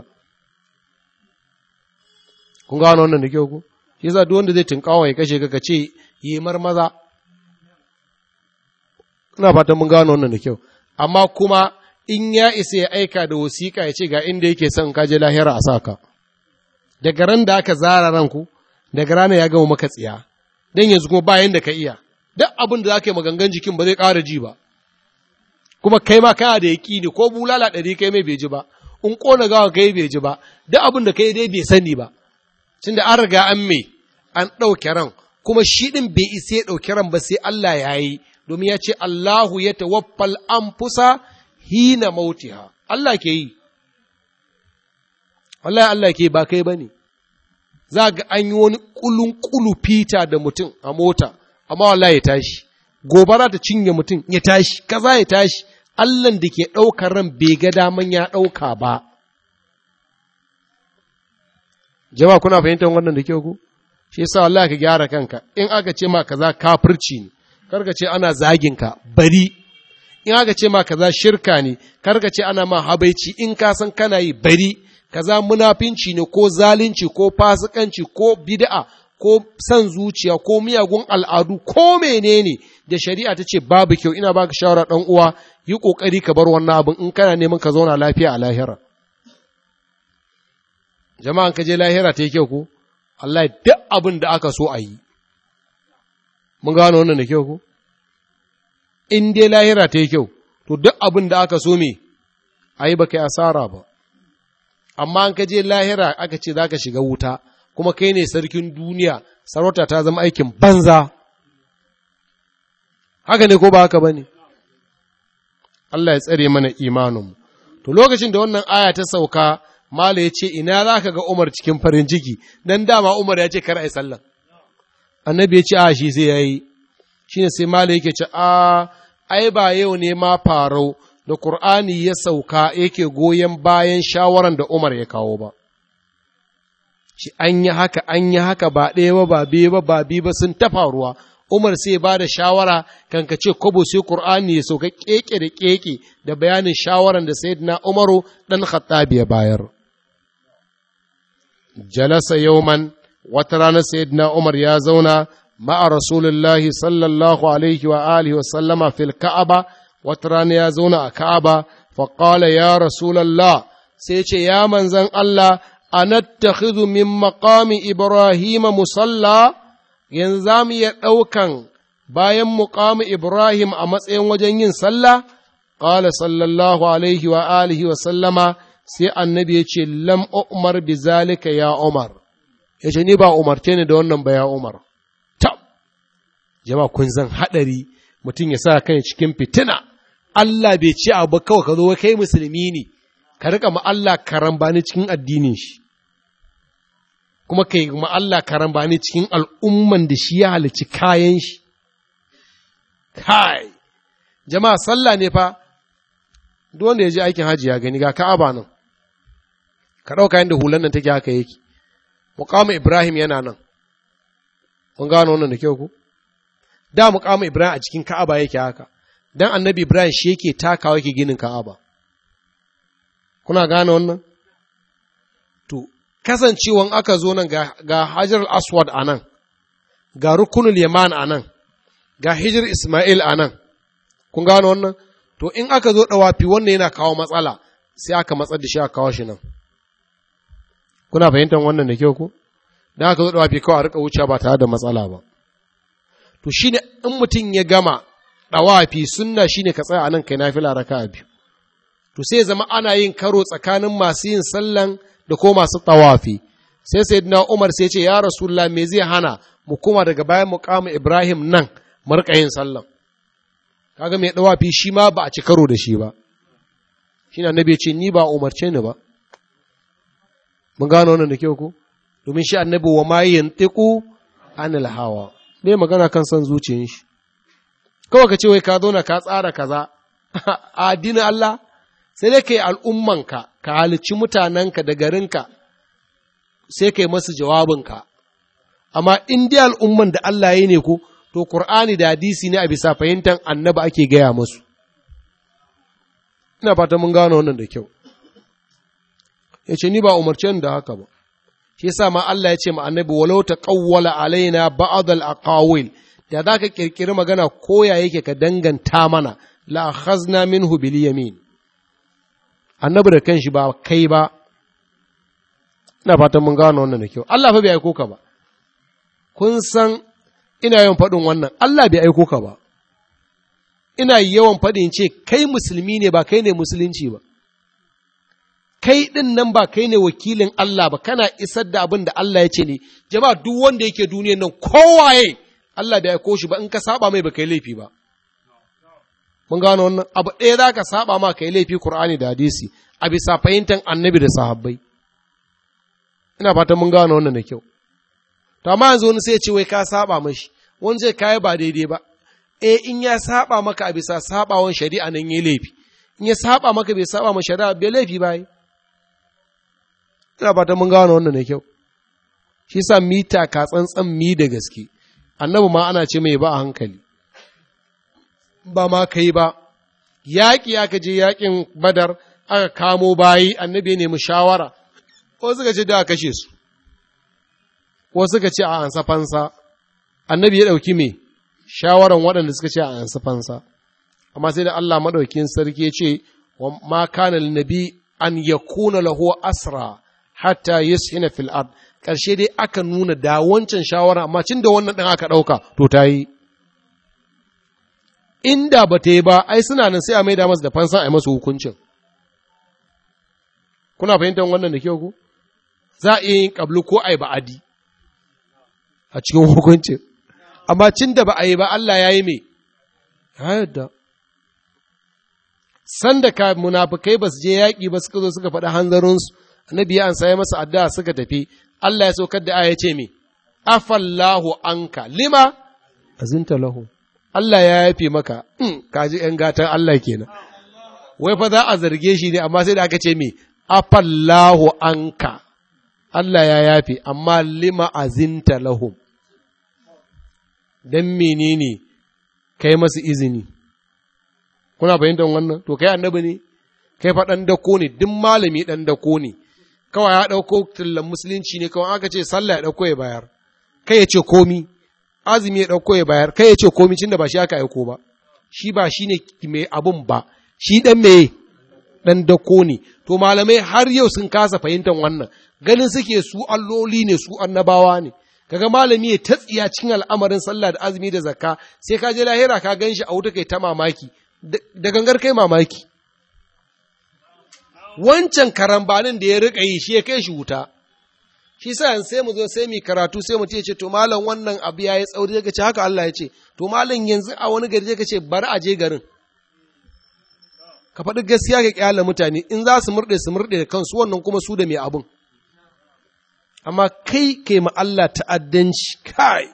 kun gano wannan da kyau ku shi yasa duk wanda zai tunkawa ya kashe ka ce yi marmaza ina fatan mun gano wannan da kyau amma kuma in ya isa ya aika da wasiƙa ya ce ga inda yake son kaje lahira a saka daga ran da aka zara ranku daga rana ya gama maka tsiya dan yanzu kuma bayan da ka iya duk abin da zaka yi magangan jikin ba zai ƙara ji ba kuma kai ma kana da ne ko bulala ɗari kai mai bai ji ba in ƙona gawa kai bai ji ba duk abin da kai dai bai sani ba tunda an riga an mai an ɗauke ran kuma shi ɗin bai isa ya ɗauki ran ba sai Allah ya yi domin ya ce Allahu ya an fusa hina mautiha Allah ke yi wallahi Allah ke ba kai ba ne. za ga an yi wani ƙulun ƙulu fita da mutum a mota amma wallahi ya tashi gobara ta cinye mutum ya tashi kaza ya tashi Allah da ke ɗaukar ran bai ga daman ya ɗauka ba jama'a kuna fahimtar wannan da kyau ku shi yasa wallahi ka gyara kanka in aka ce ma kaza kafirci ne ka ce ana zagin ka bari in aka ce ma kaza shirka ne kar ka ce ana ma habaici in ka san kana yi bari kaza munafinci ne ko zalunci ko fasikanci ko bida'a ko san zuciya ko miyagun al'adu ko menene da shari'a ta ce babu kyau ina baka shawara dan uwa yi kokari ka bar wannan abin in kana neman ka zauna lafiya a lahira jama'an ka je lahira ta yi kyau ko Allah duk abin da aka so a yi mun gano wannan da kyau ko in dai lahira ta yi kyau to duk abin da aka so me a yi baka asara ba amma an ka je lahira aka ce za ka shiga wuta kuma kai ne sarkin duniya sarauta ta zama aikin banza haka ne ko ba haka ba ne Allah ya tsare mana imaninmu to lokacin da wannan aya ta sauka mala ya ce ina za ka ga umar cikin farin ciki dan dama umar ya ce kar a yi sallan annabi ya ce a shi sai ya yi shine sai mala yake ce a ai ba yau ne ma farau da Kur'ani ya sauka yake goyon bayan shawaran da Umar ya kawo ba. Shi an yi haka, an yi haka ba ɗaya ba, ba biyu ba, ba biyu ba sun ta faruwa. Umar sai ba da shawara kan ka ce kobo sai Kur'ani ya sauka keke da keke da bayanin shawaran da Sayyidina Umaru ɗan Khattabi ya bayar. Jalasa yauman wata rana Sayyidina Umar ya zauna ma'a rasulullahi sallallahu alaihi wa alihi wasallama fil ka'aba wata rana ya zauna a ka'aba faƙala ya rasulallah sai ce ya manzan Allah a nattakhidhu min maƙami Ibrahima musalla yanzu za mu iya ɗaukan bayan muƙamin Ibrahim a matsayin wajen yin sallah ƙala sallallahu alaihi wa alihi wa sallama sai annabi ya ce lam umar Bizalika ya umar ya ce ni ba umarce ni da wannan ba ya umar jama'a kun zan haɗari mutum ya sa kai cikin fitina Allah bai ce abu kawai ka zo kai musulmi ne ka rika ma Allah karambani cikin addinin shi kuma ka yi ma Allah karambani cikin al'umman da shi ya halici kayan shi kai jama'a sallah ne fa duk wanda ya je aikin hajji ya gani ga ka'aba nan ka ɗauka yadda hulan nan take haka yake muqamu ibrahim yana nan kun gano wannan da kyau ko da muƙamin Ibrahim a cikin Ka'aba yake haka dan annabi Ibrahim shi yake takawa yake ginin Ka'aba kuna gane wannan to kasancewan aka zo nan ga, ga Hajar Aswad a nan ga rukunul Yaman a nan ga Hijir Ismail a nan kun gane wannan to in aka zo wafi wannan yana kawo matsala sai aka matsar da shi aka kawo shi nan kuna fahimtar wannan da kyau ko dan aka zo wafi kawai a rika wuce ba tare da matsala ba to ne in mutum ya gama ɗawafi sunna shine ka tsaya anan kai nafila a biyu to sai zama ana yin karo tsakanin masu yin sallan da ko masu ɗawafi sai dina Umar sai ce ya rasu la me zai hana mu kuma daga bayan kama Ibrahim nan mu yin sallan kaga mai ɗawafi shi ma ba a ci karo da shi ba shi na nabi ce ni ba umarce ni ba mun gano wannan da kyau ko domin shi annabi wa ma yantiqu anil hawa ne magana kan son zuciyan shi kawai ka ce wai ka zauna ka tsara kaza <laughs> a addinin Allah sai dai kai al'ummanka ka halicci mutanenka da garinka sai kai masu jawabin ka amma in dai al'umman da Allah ya ne ko to Qur'ani da hadisi ne a bisa fahimtar annabi ake gaya masu ina fata mun gano wannan da kyau ya ni ba umarce da haka ba shi yasa ma Allah ya ce ma annabi walau kawwala alaina ba'd al-aqawil da zaka kirkiri magana koya yake ka danganta mana la khazna minhu bil yamin annabi da kanshi ba kai ba ina fatan mun gano wannan da kyau Allah fa bai aiko ka ba kun san ina yawan faɗin wannan Allah bai aiko ka ba ina yawan faɗin ce kai musulmi ne ba kai ne musulunci ba kai ɗin nan ba kai ne wakilin Allah ba kana isar da abin da Allah ya ce ne jama'a duk wanda yake duniyan nan kowaye Allah bai ya shi ba in ka saba mai ba kai laifi ba mun gano wannan abu ɗaya za ka saba ma kai laifi Qur'ani da hadisi a bisa fahimtar annabi da sahabbai ina fatan mun gano wannan da kyau to amma yanzu wani sai ce wai ka saba mashi wani zai kai ba daidai ba eh in ya saba maka a bisa sabawan shari'a nan ya laifi in ya saba maka bai saba ma shari'a bai laifi ba yi ina fatan mun gano wannan ne kyau shi sa mita ka tsantsan mi da gaske annabi ma ana ce mai ba a hankali ba ma kai ba yaƙi aka je yaƙin badar aka kamo bayi annabi ya nemi shawara Ko suka ce da kashe su Ko suka ce a ansa fansa annabi ya ɗauki me shawaran waɗanda suka ce a ansa fansa amma sai da Allah maɗaukin sarki ya ce wa ma kana nabi an yakuna lahu asra hatta yushina fil ard karshe dai aka nuna da wancan shawara amma cin da wannan din aka ɗauka to ta yi inda ba ta yi ba ai suna nan sai a maida masa da fansa a masu hukuncin kuna fahimtar wannan da kyau ku za a iya yin kablu ko ai ba'adi a cikin <laughs> hukuncin amma cin da ba a yi ba Allah ya yi me ya yadda sanda ka munafukai ba su je yaƙi ba suka zo suka faɗi hanzarinsu annabi ya ansa ya masa addu'a suka tafi Allah ya saukar da aya ce me afallahu anka lima azinta lahu Allah ya yafe maka hmm, kaji yan gatan Allah kenan wai fa za a zarge shi ne amma sai da aka ce me afallahu anka Allah ya yafe amma lima azinta lahu. dan menene kai masu izini kuna fahimtar wannan to kai annabi ne kai fa dan dako ne duk malami dan dako ne kawai ya ɗauko tallan musulunci ne kawai aka ce sallah ya ɗauko ya bayar kai ya ce komi azumi ya ɗauko ya bayar kai ya ce komi cin da ba shi aka aiko ba shi ba shi ne mai abun ba shi ɗan mai ɗan dako ne to malamai har yau sun kasa fahimtar wannan ganin suke su alloli ne su annabawa ne kaga malami ya tatsiya cikin al'amarin sallah da azumi da zakka sai ka je lahira ka gan shi a wuta kai ta mamaki da gangar kai mamaki wancan karambanin da ya riƙa yi shi ya kai shi wuta shi sa sai mu zo sai mu karatu sai mu ce to malam wannan abu ya yi tsauri daga ce haka Allah ya ce to malam yanzu a wani gari ka ce bari a je garin ka faɗi gaskiya ga kyala mutane in za su murɗe su murɗe da kansu wannan kuma su da mai abun amma kai kai ma Allah ta'addanci kai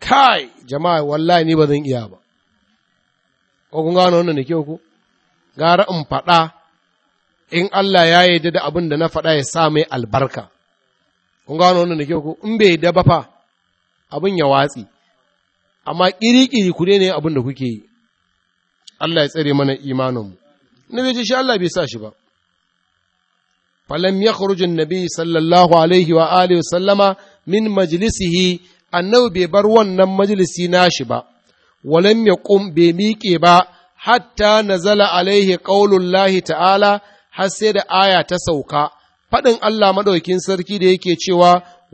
kai jama'a wallahi ni ba zan iya ba ko kun gano wannan da kyau ku gara in faɗa in Allah ya yi da abin da na faɗa ya sa mai albarka kun gano wannan da ku in bai yarda ba fa abin ya watsi amma ƙiri-ƙiri ku ne abin da kuke yi Allah ya tsare mana imaninmu. mu na bai ce shi Allah bai sa shi ba falam kurujin nabi sallallahu alaihi wa alihi sallama min majlisihi annabi bai bar wannan majalisi nashi ba, walam ya ƙum bai miƙe ba, hatta nazala alaihi ƙaunullahi ta'ala har sai da aya ta sauka faɗin Allah maɗaukin sarki da yake cewa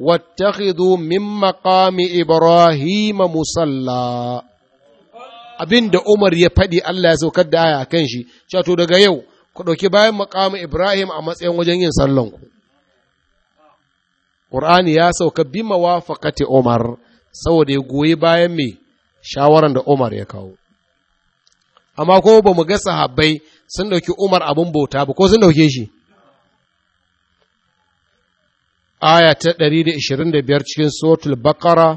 wattakhidhu min maqami ibrahima musalla abin Umar ya faɗi Allah ya saukar da aya kan shi cewa to daga yau ku ɗauki bayan maqami Ibrahim a matsayin wajen yin sallan ku Qur'ani ya sauka bi mawafaqati Umar saboda ya goyi bayan mai shawaran da Umar ya kawo amma ko ba mu ga sahabbai sun ɗauki umar abin bauta ba ko sun ɗauke shi aya ta 125 cikin suratul bakara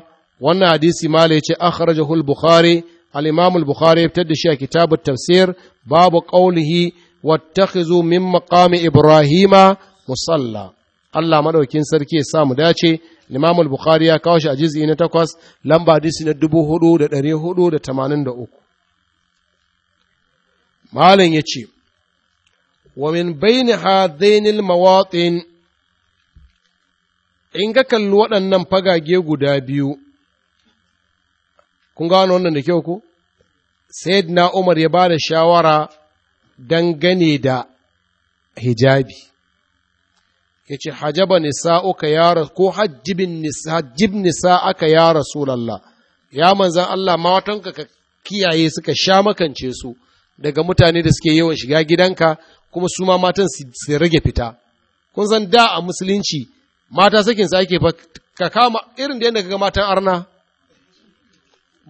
wannan hadisi mala yace akhrajahu al-bukhari al-imam al-bukhari ya fitar da shi a kitabut tafsir babu qawlihi wattakhizu min maqami ibrahima musalla Allah madaukin sarki ya sa mu dace Imam al-Bukhari ya kawo shi a juz'i na 8 lamba hadisi na 4483 malam ya ce wa min baini hadainil mawatin in ga kalli waɗannan fagage guda biyu kun gano wannan da kyau ko na Umar ya ba da shawara dangane da hijabi ya ce hajaba uka ya ko Hajjib nisa aka ya rasulallah ya manzan Allah matanka ka kiyaye suka sha makance su daga mutane da suke yawan shiga gidanka kuma su ma matan su rage fita kun san da a musulunci mata sakin sa ake ka kama irin da yadda kaga matan arna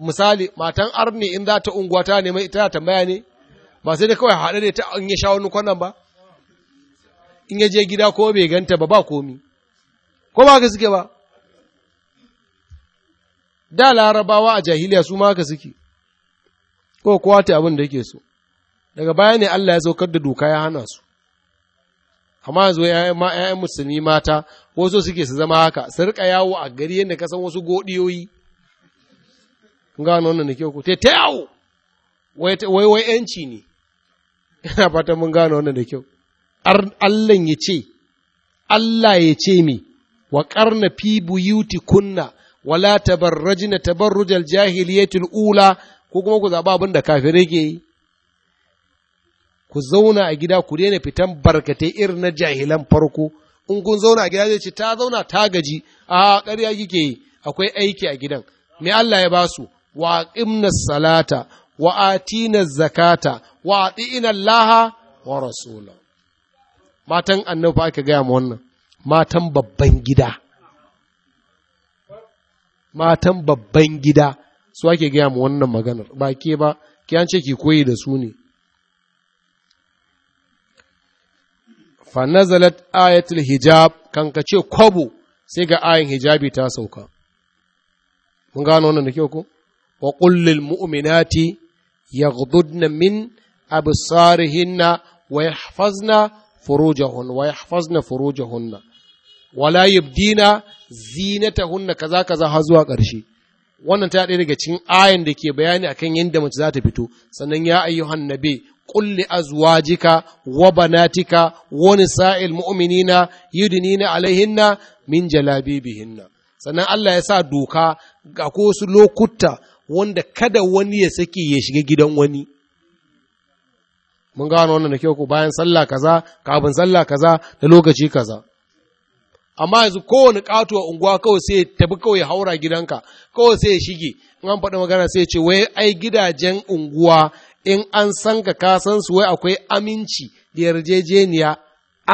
misali matan arne in za ta unguwa ta nema ita ta tambaya ne ba sai da kawai haɗe da ta in ya sha wani kwanan ba in ya je gida ko bai ganta ba ba komi ko ba ka suke ba da larabawa a jahiliya su ma ka suke ko kowa ta abin da yake so daga baya ne Allah ya saukar da doka ya hana su amma yanzu ‘ya'yan musulmi mata wasu suke su zama haka su rika yawo a gari yadda kasan wasu godiyoyi gano wannan da kyau ku te yawo wai wai ‘yanci ne ina fatan mun gano wannan da kyau Allah ya ce Allah ya ce mi wa karna fi buyuti kunna wala tabarrajina tabarrujal jahiliyatul ula ko kuma ku zaba abin da kafirai ke yi ku zauna a gida ku daina fitan barkatai irin na jahilan farko in kun zauna a gida zai ce ta zauna ta gaji a ƙarya kike yi akwai aiki a gidan me Allah ya basu wa aqimna salata wa atina zakata wa atina Allah wa rasula matan annabi aka gaya mu wannan matan babban gida matan babban gida su ake gaya mu wannan maganar ba ke ba ki an ce ki koyi da su ne fa nazalat ayatul hijab kan kace ce kwabo sai ga ayin hijabi ta sauka mun gano wannan da kyau ko wa qul lil mu'minati yaghdudna min absarihinna wa yahfazna furujahun wa yahfazna furujahunna wala yubdina zinatahunna kaza kaza har zuwa ƙarshe wannan ta ɗaya daga cikin ayan da ke bayani akan yadda mace za ta fito sannan ya ayyuhan nabi kulli azwajika wa banatika wani nisa'il mu'minina yudnina alaihinna min hinna. sannan Allah ya sa doka ga ko su lokuta wanda kada wani ya saki ya shiga gidan wani mun gano wannan da kyau ku bayan sallah kaza kafin sallah kaza da lokaci kaza amma yanzu kowane katuwa unguwa kawai sai tafi kawai haura gidanka kawai sai ya shige in an faɗi magana sai ce wai ai gidajen unguwa in an san ka kasan su wai akwai aminci da yarjejeniya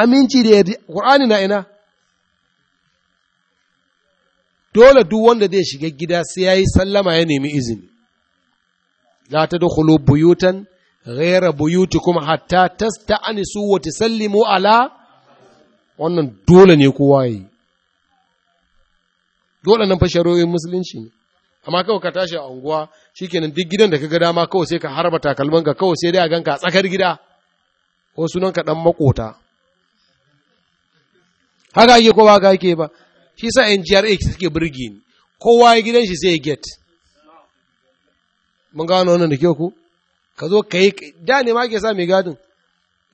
aminci da yarjejeniya Qur'ani na ina dole duk wanda zai shiga gida sai yayi sallama ya nemi izini la tadkhulu buyutan ghayra buyutikum hatta tasta'nisu wa tusallimu ala wannan dole ne kowa yi dole nan fa shari'o'in musulunci ne amma kawai ka tashi a unguwa kenan duk gidan da ka ga dama kawai sai ka harba takalman ka kawai sai dai a ganka a tsakar gida ko sunan ka dan makota haka ake ko ba haka ake ba shi sa NGRA suke burge ni kowa ya gidan shi sai ya get mun ga wannan da kyau ku ka zo ka da ne ma ke sa mai gadin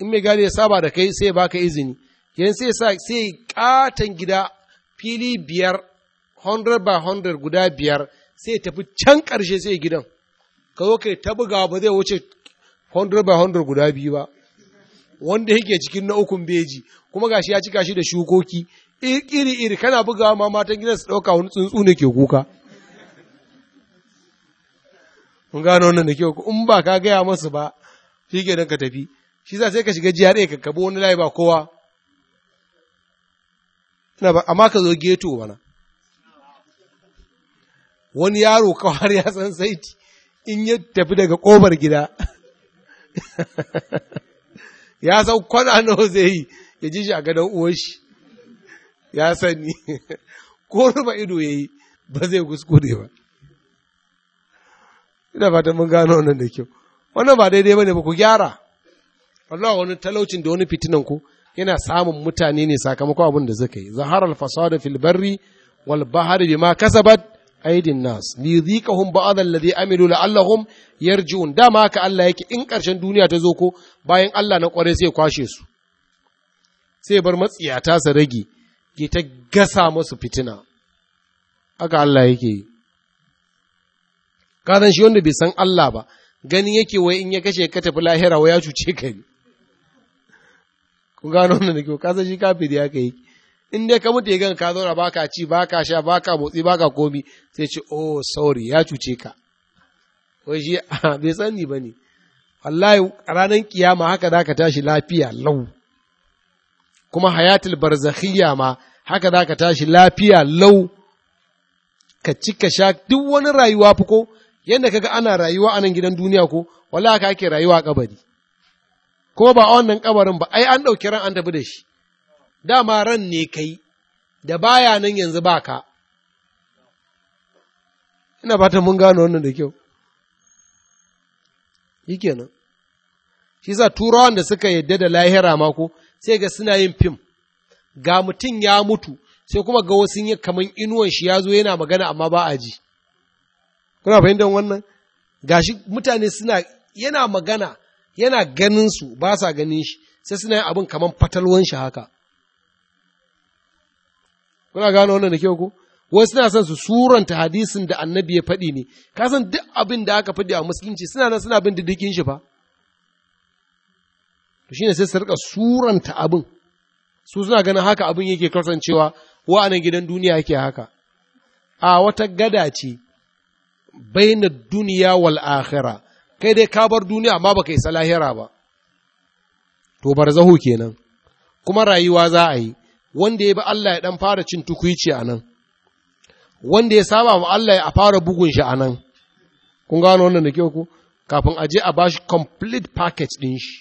in mai gadi ya saba da kai sai baka izini yan sai sa sai katan gida fili biyar 100 by 100 guda biyar sai tafi can ƙarshe sai gidan ka zo kai ta buga ba zai wuce 100 by 100 guda biyu ba wanda yake cikin na ukun beji kuma gashi ya cika shi da shukoki iri iri kana bugawa ma matan gidan su ɗauka wani tsuntsu ne ke kuka mun gano wannan da kyau in ba ka gaya masu ba shi ke ka tafi shi sa sai ka shiga GRA ka kabo wani layi ba kowa amma ka zo geto bana wani yaro kawar ya san saiti in ya tafi daga kobar gida ya san kwana nawa zai yi ya ji shi a gadon shi ya sani ko rufe ido ya yi ba zai kuskure ba ina fatan mun gano wannan da kyau wannan ba daidai ba ne ba ku gyara Allah wani talaucin da wani fitinan ku yana samun mutane ne sakamakon abin da zaka yi zaharar fasada fil barri wal bahari bima kasabat aidin nas li dhiqahum ba'd alladhi amilu la'allahum yarji'un dama ka Allah yake in karshen duniya ta zo ko bayan Allah na kware sai kwashe su sai bar matsiya ta rage ke ta gasa musu fitina haka Allah yake yi kadan shi wanda bai san Allah ba gani yake wai in ya kashe ka tafi lahira wai ya cuce ka ne kun gano wannan da kyau kasan shi kafiri haka yake in dai ka mutu ya gan ka zauna baka ci baka sha baka motsi baka komi sai ce oh sorry ya cuce ka wai shi <laughs> ah, bai sani ba ne wallahi ranar kiyama haka za ka tashi lafiya lau kuma hayatul barzakhiyya ma haka za ka tashi lafiya lau ka ci ka sha duk wani rayuwa fi ko yadda kaga ana rayuwa a nan gidan duniya ko wallahi ka ake rayuwa kabari ko ba a wannan kabarin ba ai an ɗauki ran an tafi da shi dama ran ne kai, da baya nan yanzu ba ka. Ina fata mun gano wannan da kyau. Yi nan. Shi sa turawan da suka yadda da lahira mako sai ga suna yin fim, ga mutum ya mutu, sai kuma ga wasu yi kamar inuwan shi ya zo yana magana amma ba a ji. Kuna fahimtar wannan? Gashi mutane suna yana magana, yana ganin su ba sa ganin shi, sai suna yin abin kamar fatalwan shi haka. kuna gano wannan da kyau ko wasu suna son su suranta hadisin da annabi ya faɗi ne ka san duk abin da aka faɗi a musulunci suna nan suna bin diddikin shi fa to shine sai su rika suranta abin su suna ganin haka abin yake kasancewa anan gidan duniya yake haka a wata gada ce baina duniya wal akhira kai dai ka bar duniya amma baka yi lahira ba to barzahu kenan kuma rayuwa za a yi wanda ya bi Allah ya ɗan fara cin tukuici a nan, wanda ya saba wa Allah ya fara bugun shi a nan, kun gano wannan da kyau ku, kafin a je a ba shi complete package ɗin shi.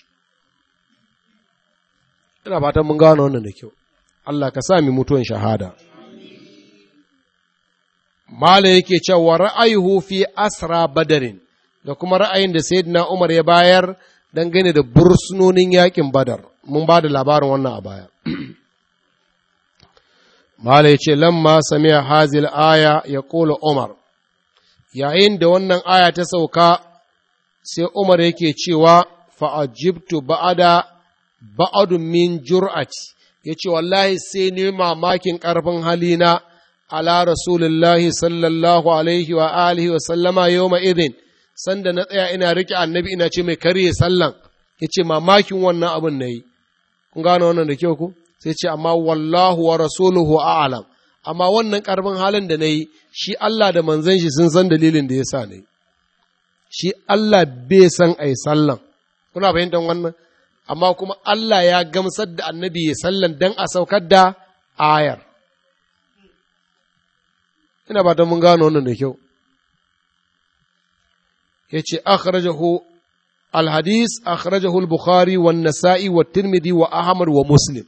Ina fatan mun gano wannan da kyau, Allah ka sami mutuwan shahada. Mala yake cewa ra'ayi fi asra badarin da kuma ra'ayin da Sayyidina Umar ya bayar dangane da bursunonin yakin badar, mun ba da labarin wannan a baya. <clears throat> malai ce, Lamma samiya hazil aya ya kula Umar, yayin da wannan aya ta sauka, sai Umar yake cewa, fa'ajibtu ba'ada ba'adun min jur'ati, ya ce, Wallahi sai ni mamakin ƙarfin halina, ala Rasulullahi sallallahu alaihi wa alihi wa sallama yau ma'izin, sanda na tsaya ina riƙe annabi ina ce mai karye sallan, ya ce, Mamakin wannan abin na yi, kun gane wannan da kyau ku? sai ce amma wallahu wa rasuluhu a'lam amma wannan karbin halin da nayi shi Allah da manzon shi sun san dalilin da yasa nayi shi Allah bai san ai sallan kuna fahimtar wannan amma kuma Allah ya gamsar da annabi ya sallan dan a saukar da ayar ina ba mun gano wannan da kyau yace akhrajahu الحديث أخرجه البخاري والنسائي والترمذي وأحمد ومسلم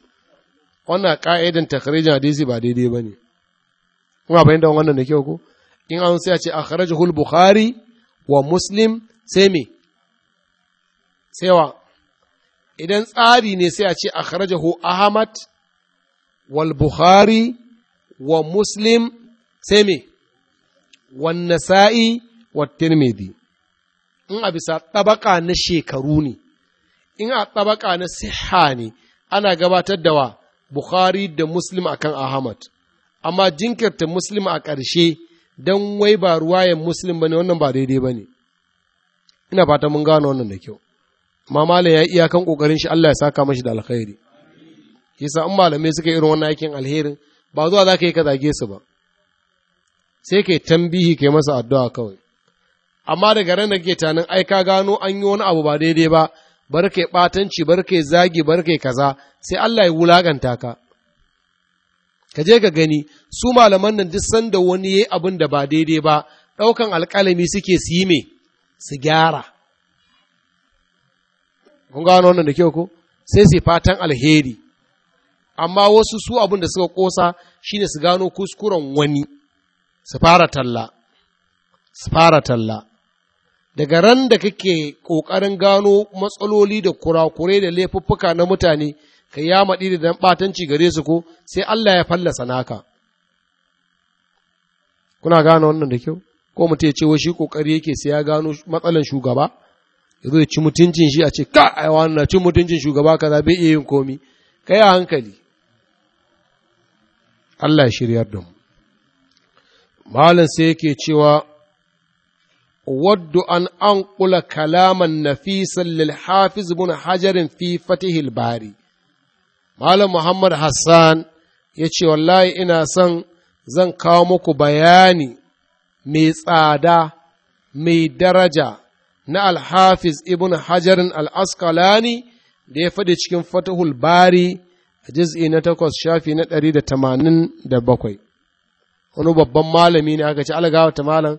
wannan ka'idan takrijin hadisi ba daidai ba ne kuma bayan da wannan da kyau ko in an sai a ce akhrajahu bukhari wa muslim sai me sai wa idan tsari ne sai a ce akhrajahu ahmad wal bukhari wa muslim sai me wan nasa'i wa tirmidhi in a bisa tabaka na shekaru ne in a tabaka na siha ne ana gabatar da wa Bukhari da Muslim akan Ahmad, amma jinkirta Muslim a ƙarshe don wai ba ruwayen Muslim ba ne wannan ba daidai ba ne. Ina fata mun gano wannan da kyau. Mamala ya yi iyakan ƙoƙarin shi Allah ya saka mashi da alkhairi. Yasa in malamai suka irin wannan aikin alherin ba zuwa za ka yi ka zage su ba. Sai ka yi tambihi ka yi masa addu'a kawai. Amma daga ran da ke tanin ai ka gano an yi wani abu ba daidai ba barke ɓatanci bar zagi barke kaza sai Allah ya wulaganta ka ka je ka gani su malaman nan duk sanda wani yayi abin da ba daidai ba ɗaukan alƙalami suke su yi me su gyara kun gano wannan da kyau ko sai su fatan alheri amma wasu su abin da suka ƙosa shine su gano kuskuren wani su fara talla su fara talla daga ran da kake ƙoƙarin gano matsaloli da kurakurai da laifuffuka na mutane ka maɗi da ɓatanci gare su ko sai Allah ya fallasa naka kuna gano wannan da kyau ko mutum ya ce wai shi kokari yake sai ya gano matsalan shugaba ya zo ya ci mutuncin shi a ce ka ai wannan cin mutuncin shugaba ka bai iya yin komi kai a hankali Allah ya shiryar da mu malam sai yake cewa waddu an anƙula kula kalaman nafisan lil hafiz bin hajarin fi fatihil bari malam muhammad hassan ya ce wallahi ina son zan kawo muku bayani mai tsada mai daraja na alhafiz ibn hajarin al'askalani da ya faɗi cikin fatahul bari a jiz'i na takwas shafi na ɗari da tamanin da bakwai wani babban malami ne aka ce algawa ta malam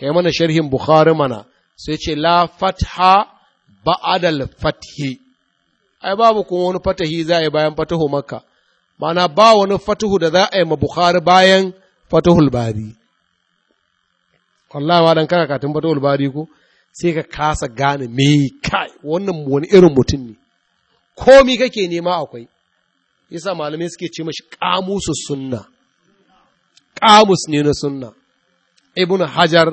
kai mana sharhin bukhari mana sai ce la fatha ba'adal fathi ai babu kuma wani fatahi za a yi bayan fatahu makka mana ba wani fatahu da za a yi ma bukhari bayan fatahul bari wallahi wadan kaka katin fatahul bari ko sai ka kasa gane me kai wannan wani irin mutum ne komi kake nema akwai yasa malamai suke ce mashi kamusu sunna kamus ne na sunna ibnu hajar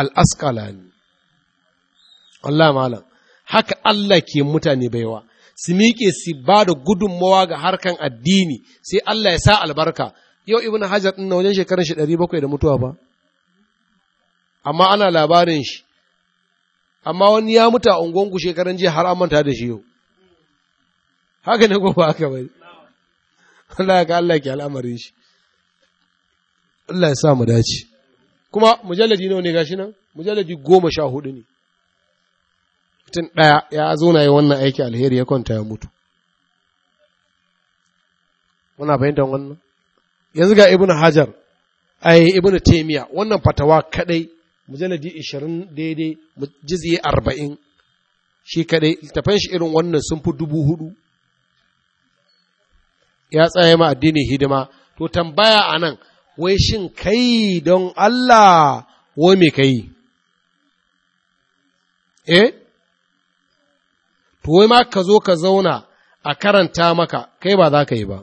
al'askalani Allah malam haka Allah ke mutane baiwa su miƙe su ba da gudunmawa ga harkan addini sai Allah ya sa albarka yau ibn hajar ɗin na wajen shekarun shi ɗari bakwai da mutuwa ba amma ana labarin shi amma wani ya mutu a unguwanku shekaran jiya har an manta da shi yau haka ne ko ba haka ba Allah ka Allah ke al'amarin shi Allah ya sa mu dace kuma mujalladi nawa ne gashi nan mujalladi goma sha hudu ne mutum ɗaya ya zauna yi wannan aiki alheri ya kwanta ya mutu muna fahimtar wannan yanzu ga ibnu hajar ai ibnu taimiya wannan fatawa kadai mujalladi ishirin daidai jiziye arba'in shi kadai littafan shi irin wannan sun fi dubu hudu ya tsaye ma addini hidima to tambaya a nan wai shin kai don Allah wa me kai? Eh? To, wai ma ka zo ka zauna a karanta maka, kai ba za ka yi ba.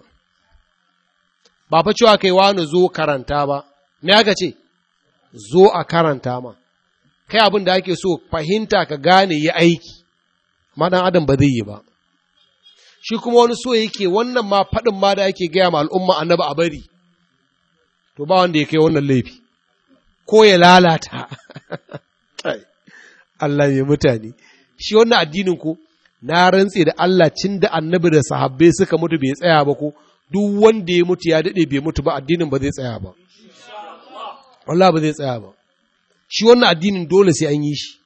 Ba fa cewa kai wani zo karanta ba, me aka ce? Zo a karanta ma. Kai abin da ake so fahimta ka gane yi aiki, maɗan adam ba zai yi ba. Shi kuma wani so yake wannan ma faɗin ma da ake gaya ma al'umma annaba a bari. to ba wanda ya kai wannan laifi ko ya lalata <laughs> Allah ya mutane shi wannan addinin ko na rantse da Allah cin da annabi da sahabbai suka mutu bai tsaya ba ko duk wanda ya mutu ya daɗe bai mutu ba addinin ba zai tsaya ba Allah ba zai tsaya ba shi wannan addinin dole sai an yi shi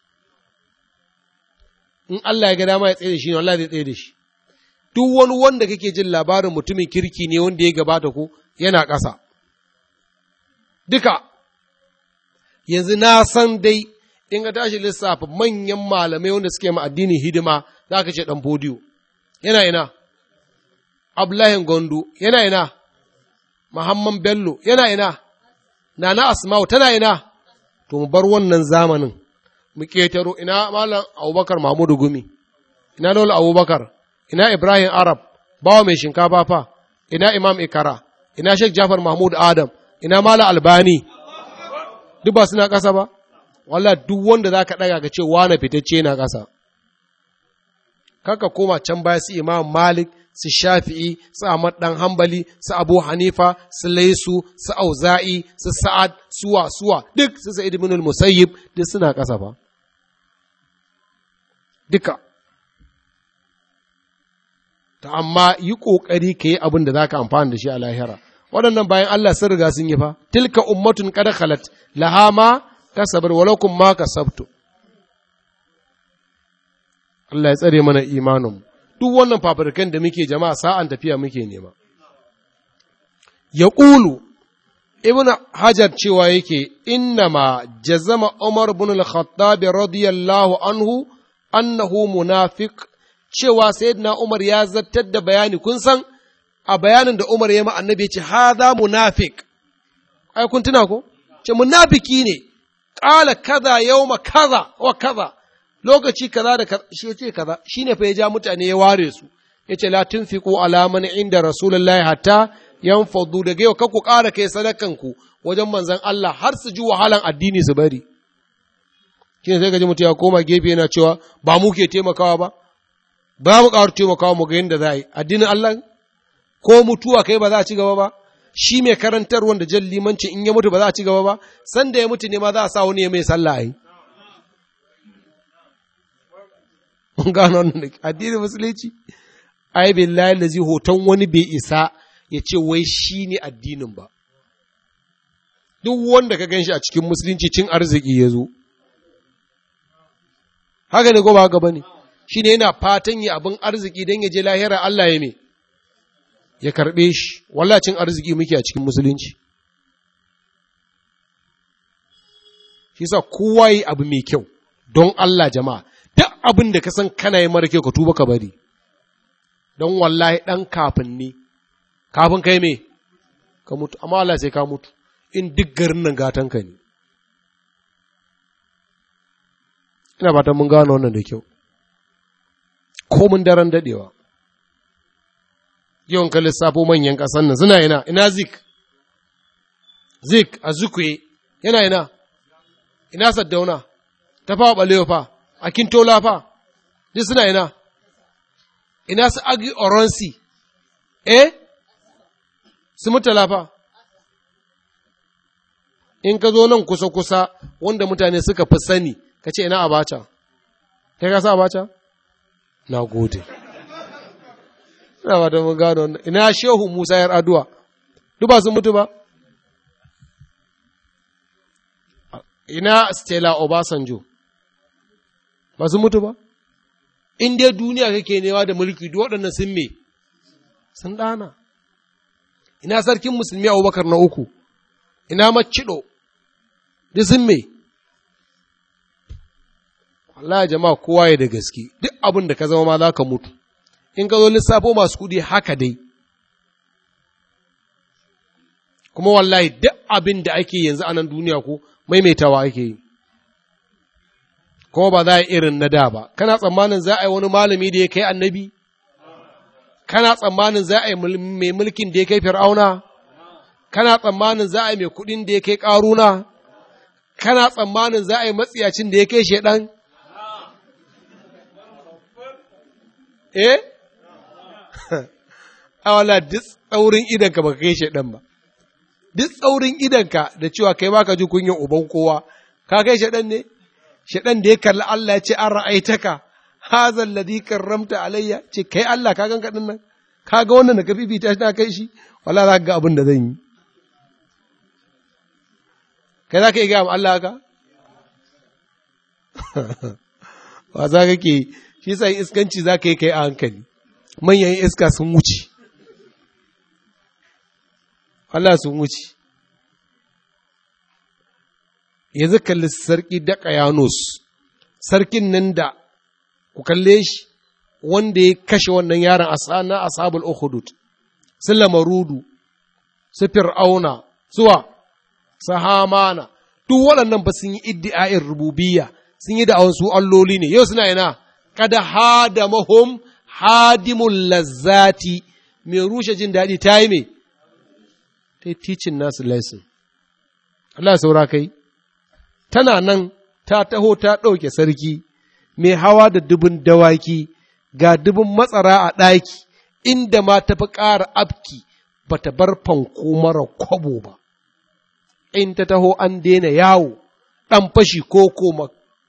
in Allah ya ga dama ya tsaye da shi ne Allah zai tsaye da shi duk wani wanda kake jin labarin mutumin kirki ne wanda ya gabata ko yana ƙasa duka, yanzu na san dai in ka tashi lissafa manyan malamai wanda suke ma addini hidima za ka ce dan bodiyo, yana ina, Abdullahi Gondo, yana ina, Muhammad Bello, yana ina, Nana Asma'u tana ina, to mu bar wannan zamanin, mu ketaro ina Malam Abubakar Mahmudu Gumi, ina Lola Abubakar, ina Ibrahim Arab, bawa mai shinkafa fa, ina Imam Ikara, ina Sheikh Jafar Mahmud Adam, ina mala albani duk ba suna ƙasa ba wallah duk wanda za ka ɗaga ka ce wane fitacce na ƙasa kaka koma can baya su imam malik su shafi'i su ahmad dan hambali su abu hanifa su laisu su auza'i su sa'ad suwa suwa duk su sa'id ibn al-musayyib duk suna ƙasa ba duka ta amma yi ƙoƙari ka yi abin da za ka amfani da shi a lahira waɗannan bayan Allah sun riga sun yi fa tilka ummatun kada khalat laha ma kasabar walakum ma kasabtu Allah ya tsare mana imanin duk wannan fafarkan da muke jama'a sa'an tafiya muke nema ya ƙulu ibn hajar cewa yake innama jazama umar bin al-khattab radiyallahu anhu annahu munafiq cewa sayyidina umar ya zartar da bayani kun san a bayanin da Umar ya annabi ya ce za munafiq ai kun tuna ko ce munafiki ne Ƙala kaza yau ma kaza wa kaza lokaci kaza da kaza shi ce kaza shine fa ya ja mutane ya ware su yace la tunfiqu inda alamani inda rasulullahi hatta fadu daga yau ku ƙara kai sadakanku wajen manzan Allah har su ji wahalan addini su bari shine sai gaji ya koma gefe yana cewa ba mu ke taimakawa ba ba mu ƙara taimakawa mu ga yadda za a yi addinin Allah ko mutuwa kai ba za a ci gaba ba shi mai karantar wanda jan limanci in ya mutu ba za a ci gaba ba sanda ya mutu ne ma za a sa wani ya mai sallah ai mun gano wannan addini musulunci ai billahi hoton wani bai isa ya ce wai shi ne addinin ba duk wanda ka gan shi a cikin musulunci cin arziki ya zo haka ne ko ba ne. shi ne yana fatan yi abin arziki don ya je lahira Allah ya me ya karɓe shi wallacin arziki muke a cikin musulunci shi sa kowa yi abu mai kyau don Allah jama'a duk abin da ka san kana yi mara kyau ka tuba ka bari don wallahi ɗan kafin ne kafin kai me ka mutu amma Allah sai ka mutu in duk garin nan gatan ka ne ina fatan mun gano wannan da kyau ko mun daren dadewa yawan ka lissafo manyan ƙasar nan suna yana ina zik zik a zukwe yana yana ina saddauna ta fawa ɓalewa fa a kintola fa duk suna yana ina su agi oronsi eh su mutala fa in ka zo nan kusa-kusa wanda mutane suka fi sani ka ce ina abacha kai ka sa abacha na gode ina ba da mun gano wannan ina shehu Musa yar aduwa duba sun mutu ba ina Stella Obasanjo ba sun mutu ba in dai duniya kake newa da mulki duk waɗannan sun me sun dana ina sarkin musulmi Abubakar na uku ina macido duk sun me Allah jama'a kowa ya da gaske duk abin da ka zama ma za ka mutu in ka zo lissafo masu kuɗi haka dai kuma wallahi duk abin da ake yanzu a nan duniya ko maimaitawa ake yi kuma ba za a irin na da ba kana tsammanin za a yi wani malami da ya kai annabi kana tsammanin za a yi mai mulkin da ya kai fir'auna kana tsammanin za a yi mai kuɗin da ya kai ƙaruna kana tsammanin za a yi matsiyacin da ya kai shaiɗan eh awala duk tsaurin idanka baka kai shaidan ba duk tsaurin idanka da cewa kai baka ji kunyan uban kowa ka kai shaidan ne shaidan da ya kalli Allah ya ce an ra'aitaka hazal ladhi karramta alayya ce kai Allah ka ganka din nan ka ga wannan da ka bibita shi na kai shi wala za ka ga abin da zan yi kai za ka iya gaya Allah ka? <laughs> wa za ka ke shi sai iskanci za ka yi kai a hankali manyan iska sun wuce Allah sun wuce yanzu kalli sarki daƙayanus sarkin nan da ku kalle shi wanda ya kashe wannan yaron asana sabul uhudud su lamarudu su fir'auna suwa su hamana duk waɗannan ba sun yi iddi'a'in rububiya sun yi da'awar su alloli ne yau suna yana kada hada mahum hadimul lazzati mai rushe jin daɗi ta yi mai ta yi teaching nasu lesson Allah saura kai tana nan ta taho ta ɗauke sarki mai hawa da dubin dawaki ga dubin matsara a ɗaki inda ma tafi ƙara afki ba ta bar fanko mara kwabo ba in ta taho an daina yawo ɗan fashi ko koma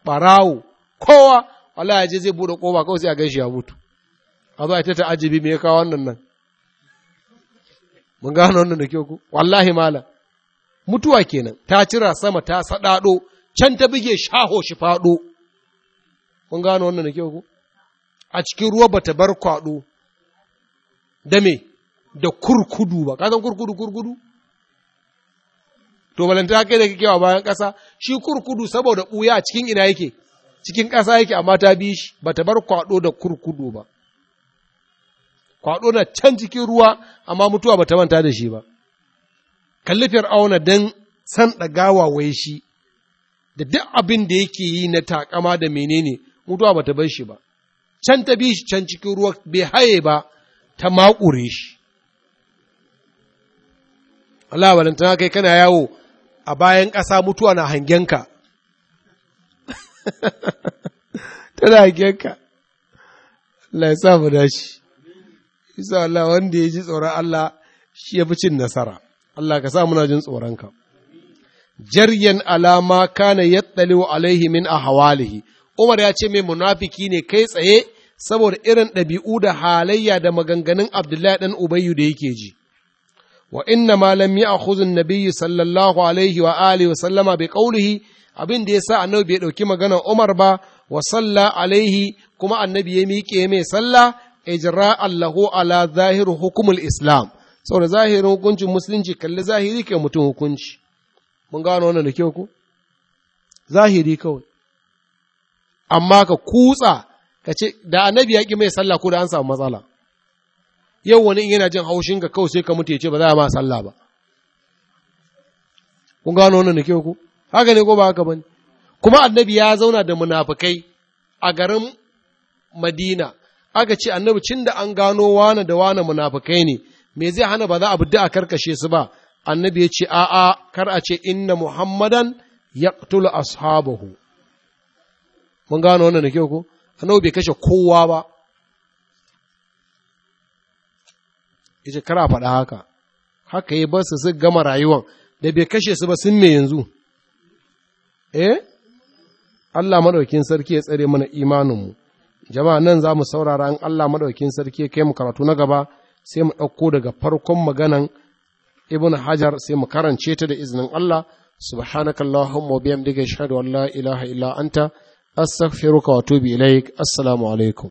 ɓarawo kowa wala ya je zai buɗe ƙofa kawai sai a gaishe ya mutu a zo a ta ta'ajibi me ya kawo wannan nan mun gano wannan da kyau ku wallahi mala mutuwa kenan ta cira sama ta sadado can ta bige shaho shi fado mun gano wannan da kyau ku a cikin ruwa bata bar kwado da me da kurkudu ba ka san kurkudu kurkudu to balanta kai da kake wa bayan kasa shi kurkudu saboda ɓuya a cikin ina yake cikin kasa yake amma ta bi shi ba ta bar kwaɗo da kurkudu ba kwaɗo na can cikin ruwa amma mutuwa ba ta manta da shi ba kalli fir'auna don san ɗagawa wai shi da duk abin da yake yi na taƙama da menene mutuwa ba ta bar shi ba can ta bi shi can cikin ruwa bai haye ba ta maƙure shi Allah balantana kai kana yawo a bayan ƙasa mutuwa na hangenka <laughs> tana hangenka Allah ya sa mu dashi bisa Allah wanda ya ji tsoron Allah shi ya fi cin nasara Allah ka sa muna jin tsoronka jaryan alama kana yattaliu Alayhi min a hawalihi. Umar ya ce mai munafiki ne kai tsaye saboda irin ɗabi'u da halayya da maganganun Abdullahi ɗan Ubayyu da yake ji. Wa inna ma lam yi akhuzun nabiyyu sallallahu alaihi wa alihi wa sallama bai ƙaulihi abin da ya sa annabi bai ɗauki maganar Umar ba wa sallah alaihi kuma annabi ya miƙe mai sallah ijra'an lahu ala zahiru hukumul islam saboda zahirin hukuncin musulunci kalli zahiri ke mutum hukunci mun gano wannan da kyau ku zahiri kawai amma ka kutsa ka ce da annabi ya ƙi mai sallah ko da an samu matsala yau wani yana jin haushin ka kawai sai ka mutu ya ce ba za a ma sallah ba kun gano wannan da kyau ku haka ne ko ba haka bane kuma annabi ya zauna da munafikai a garin Madina aka ce annabi cin da an gano wane da wane munafukai ne me zai hana ba za a bi a karkashe su ba annabi ya ce a'a kar a ce inna muhammadan yaqtulu ashabahu mun gano wannan da kyau ko annabi bai kashe kowa ba yace kar a faɗa haka haka ya bar su su gama rayuwan da bai kashe su ba sun me yanzu eh Allah madaukin sarki ya tsare mana imaninmu jama'a nan za mu saurara an Allah maɗaukin sarki kai mu karatu na gaba sai mu ɗauko daga farkon maganan ibn hajar sai mu karance ta da izinin Allah subhanaka allahumma wa bihamdika ashhadu an la ilaha illa anta astaghfiruka wa atubu ilaik assalamu alaikum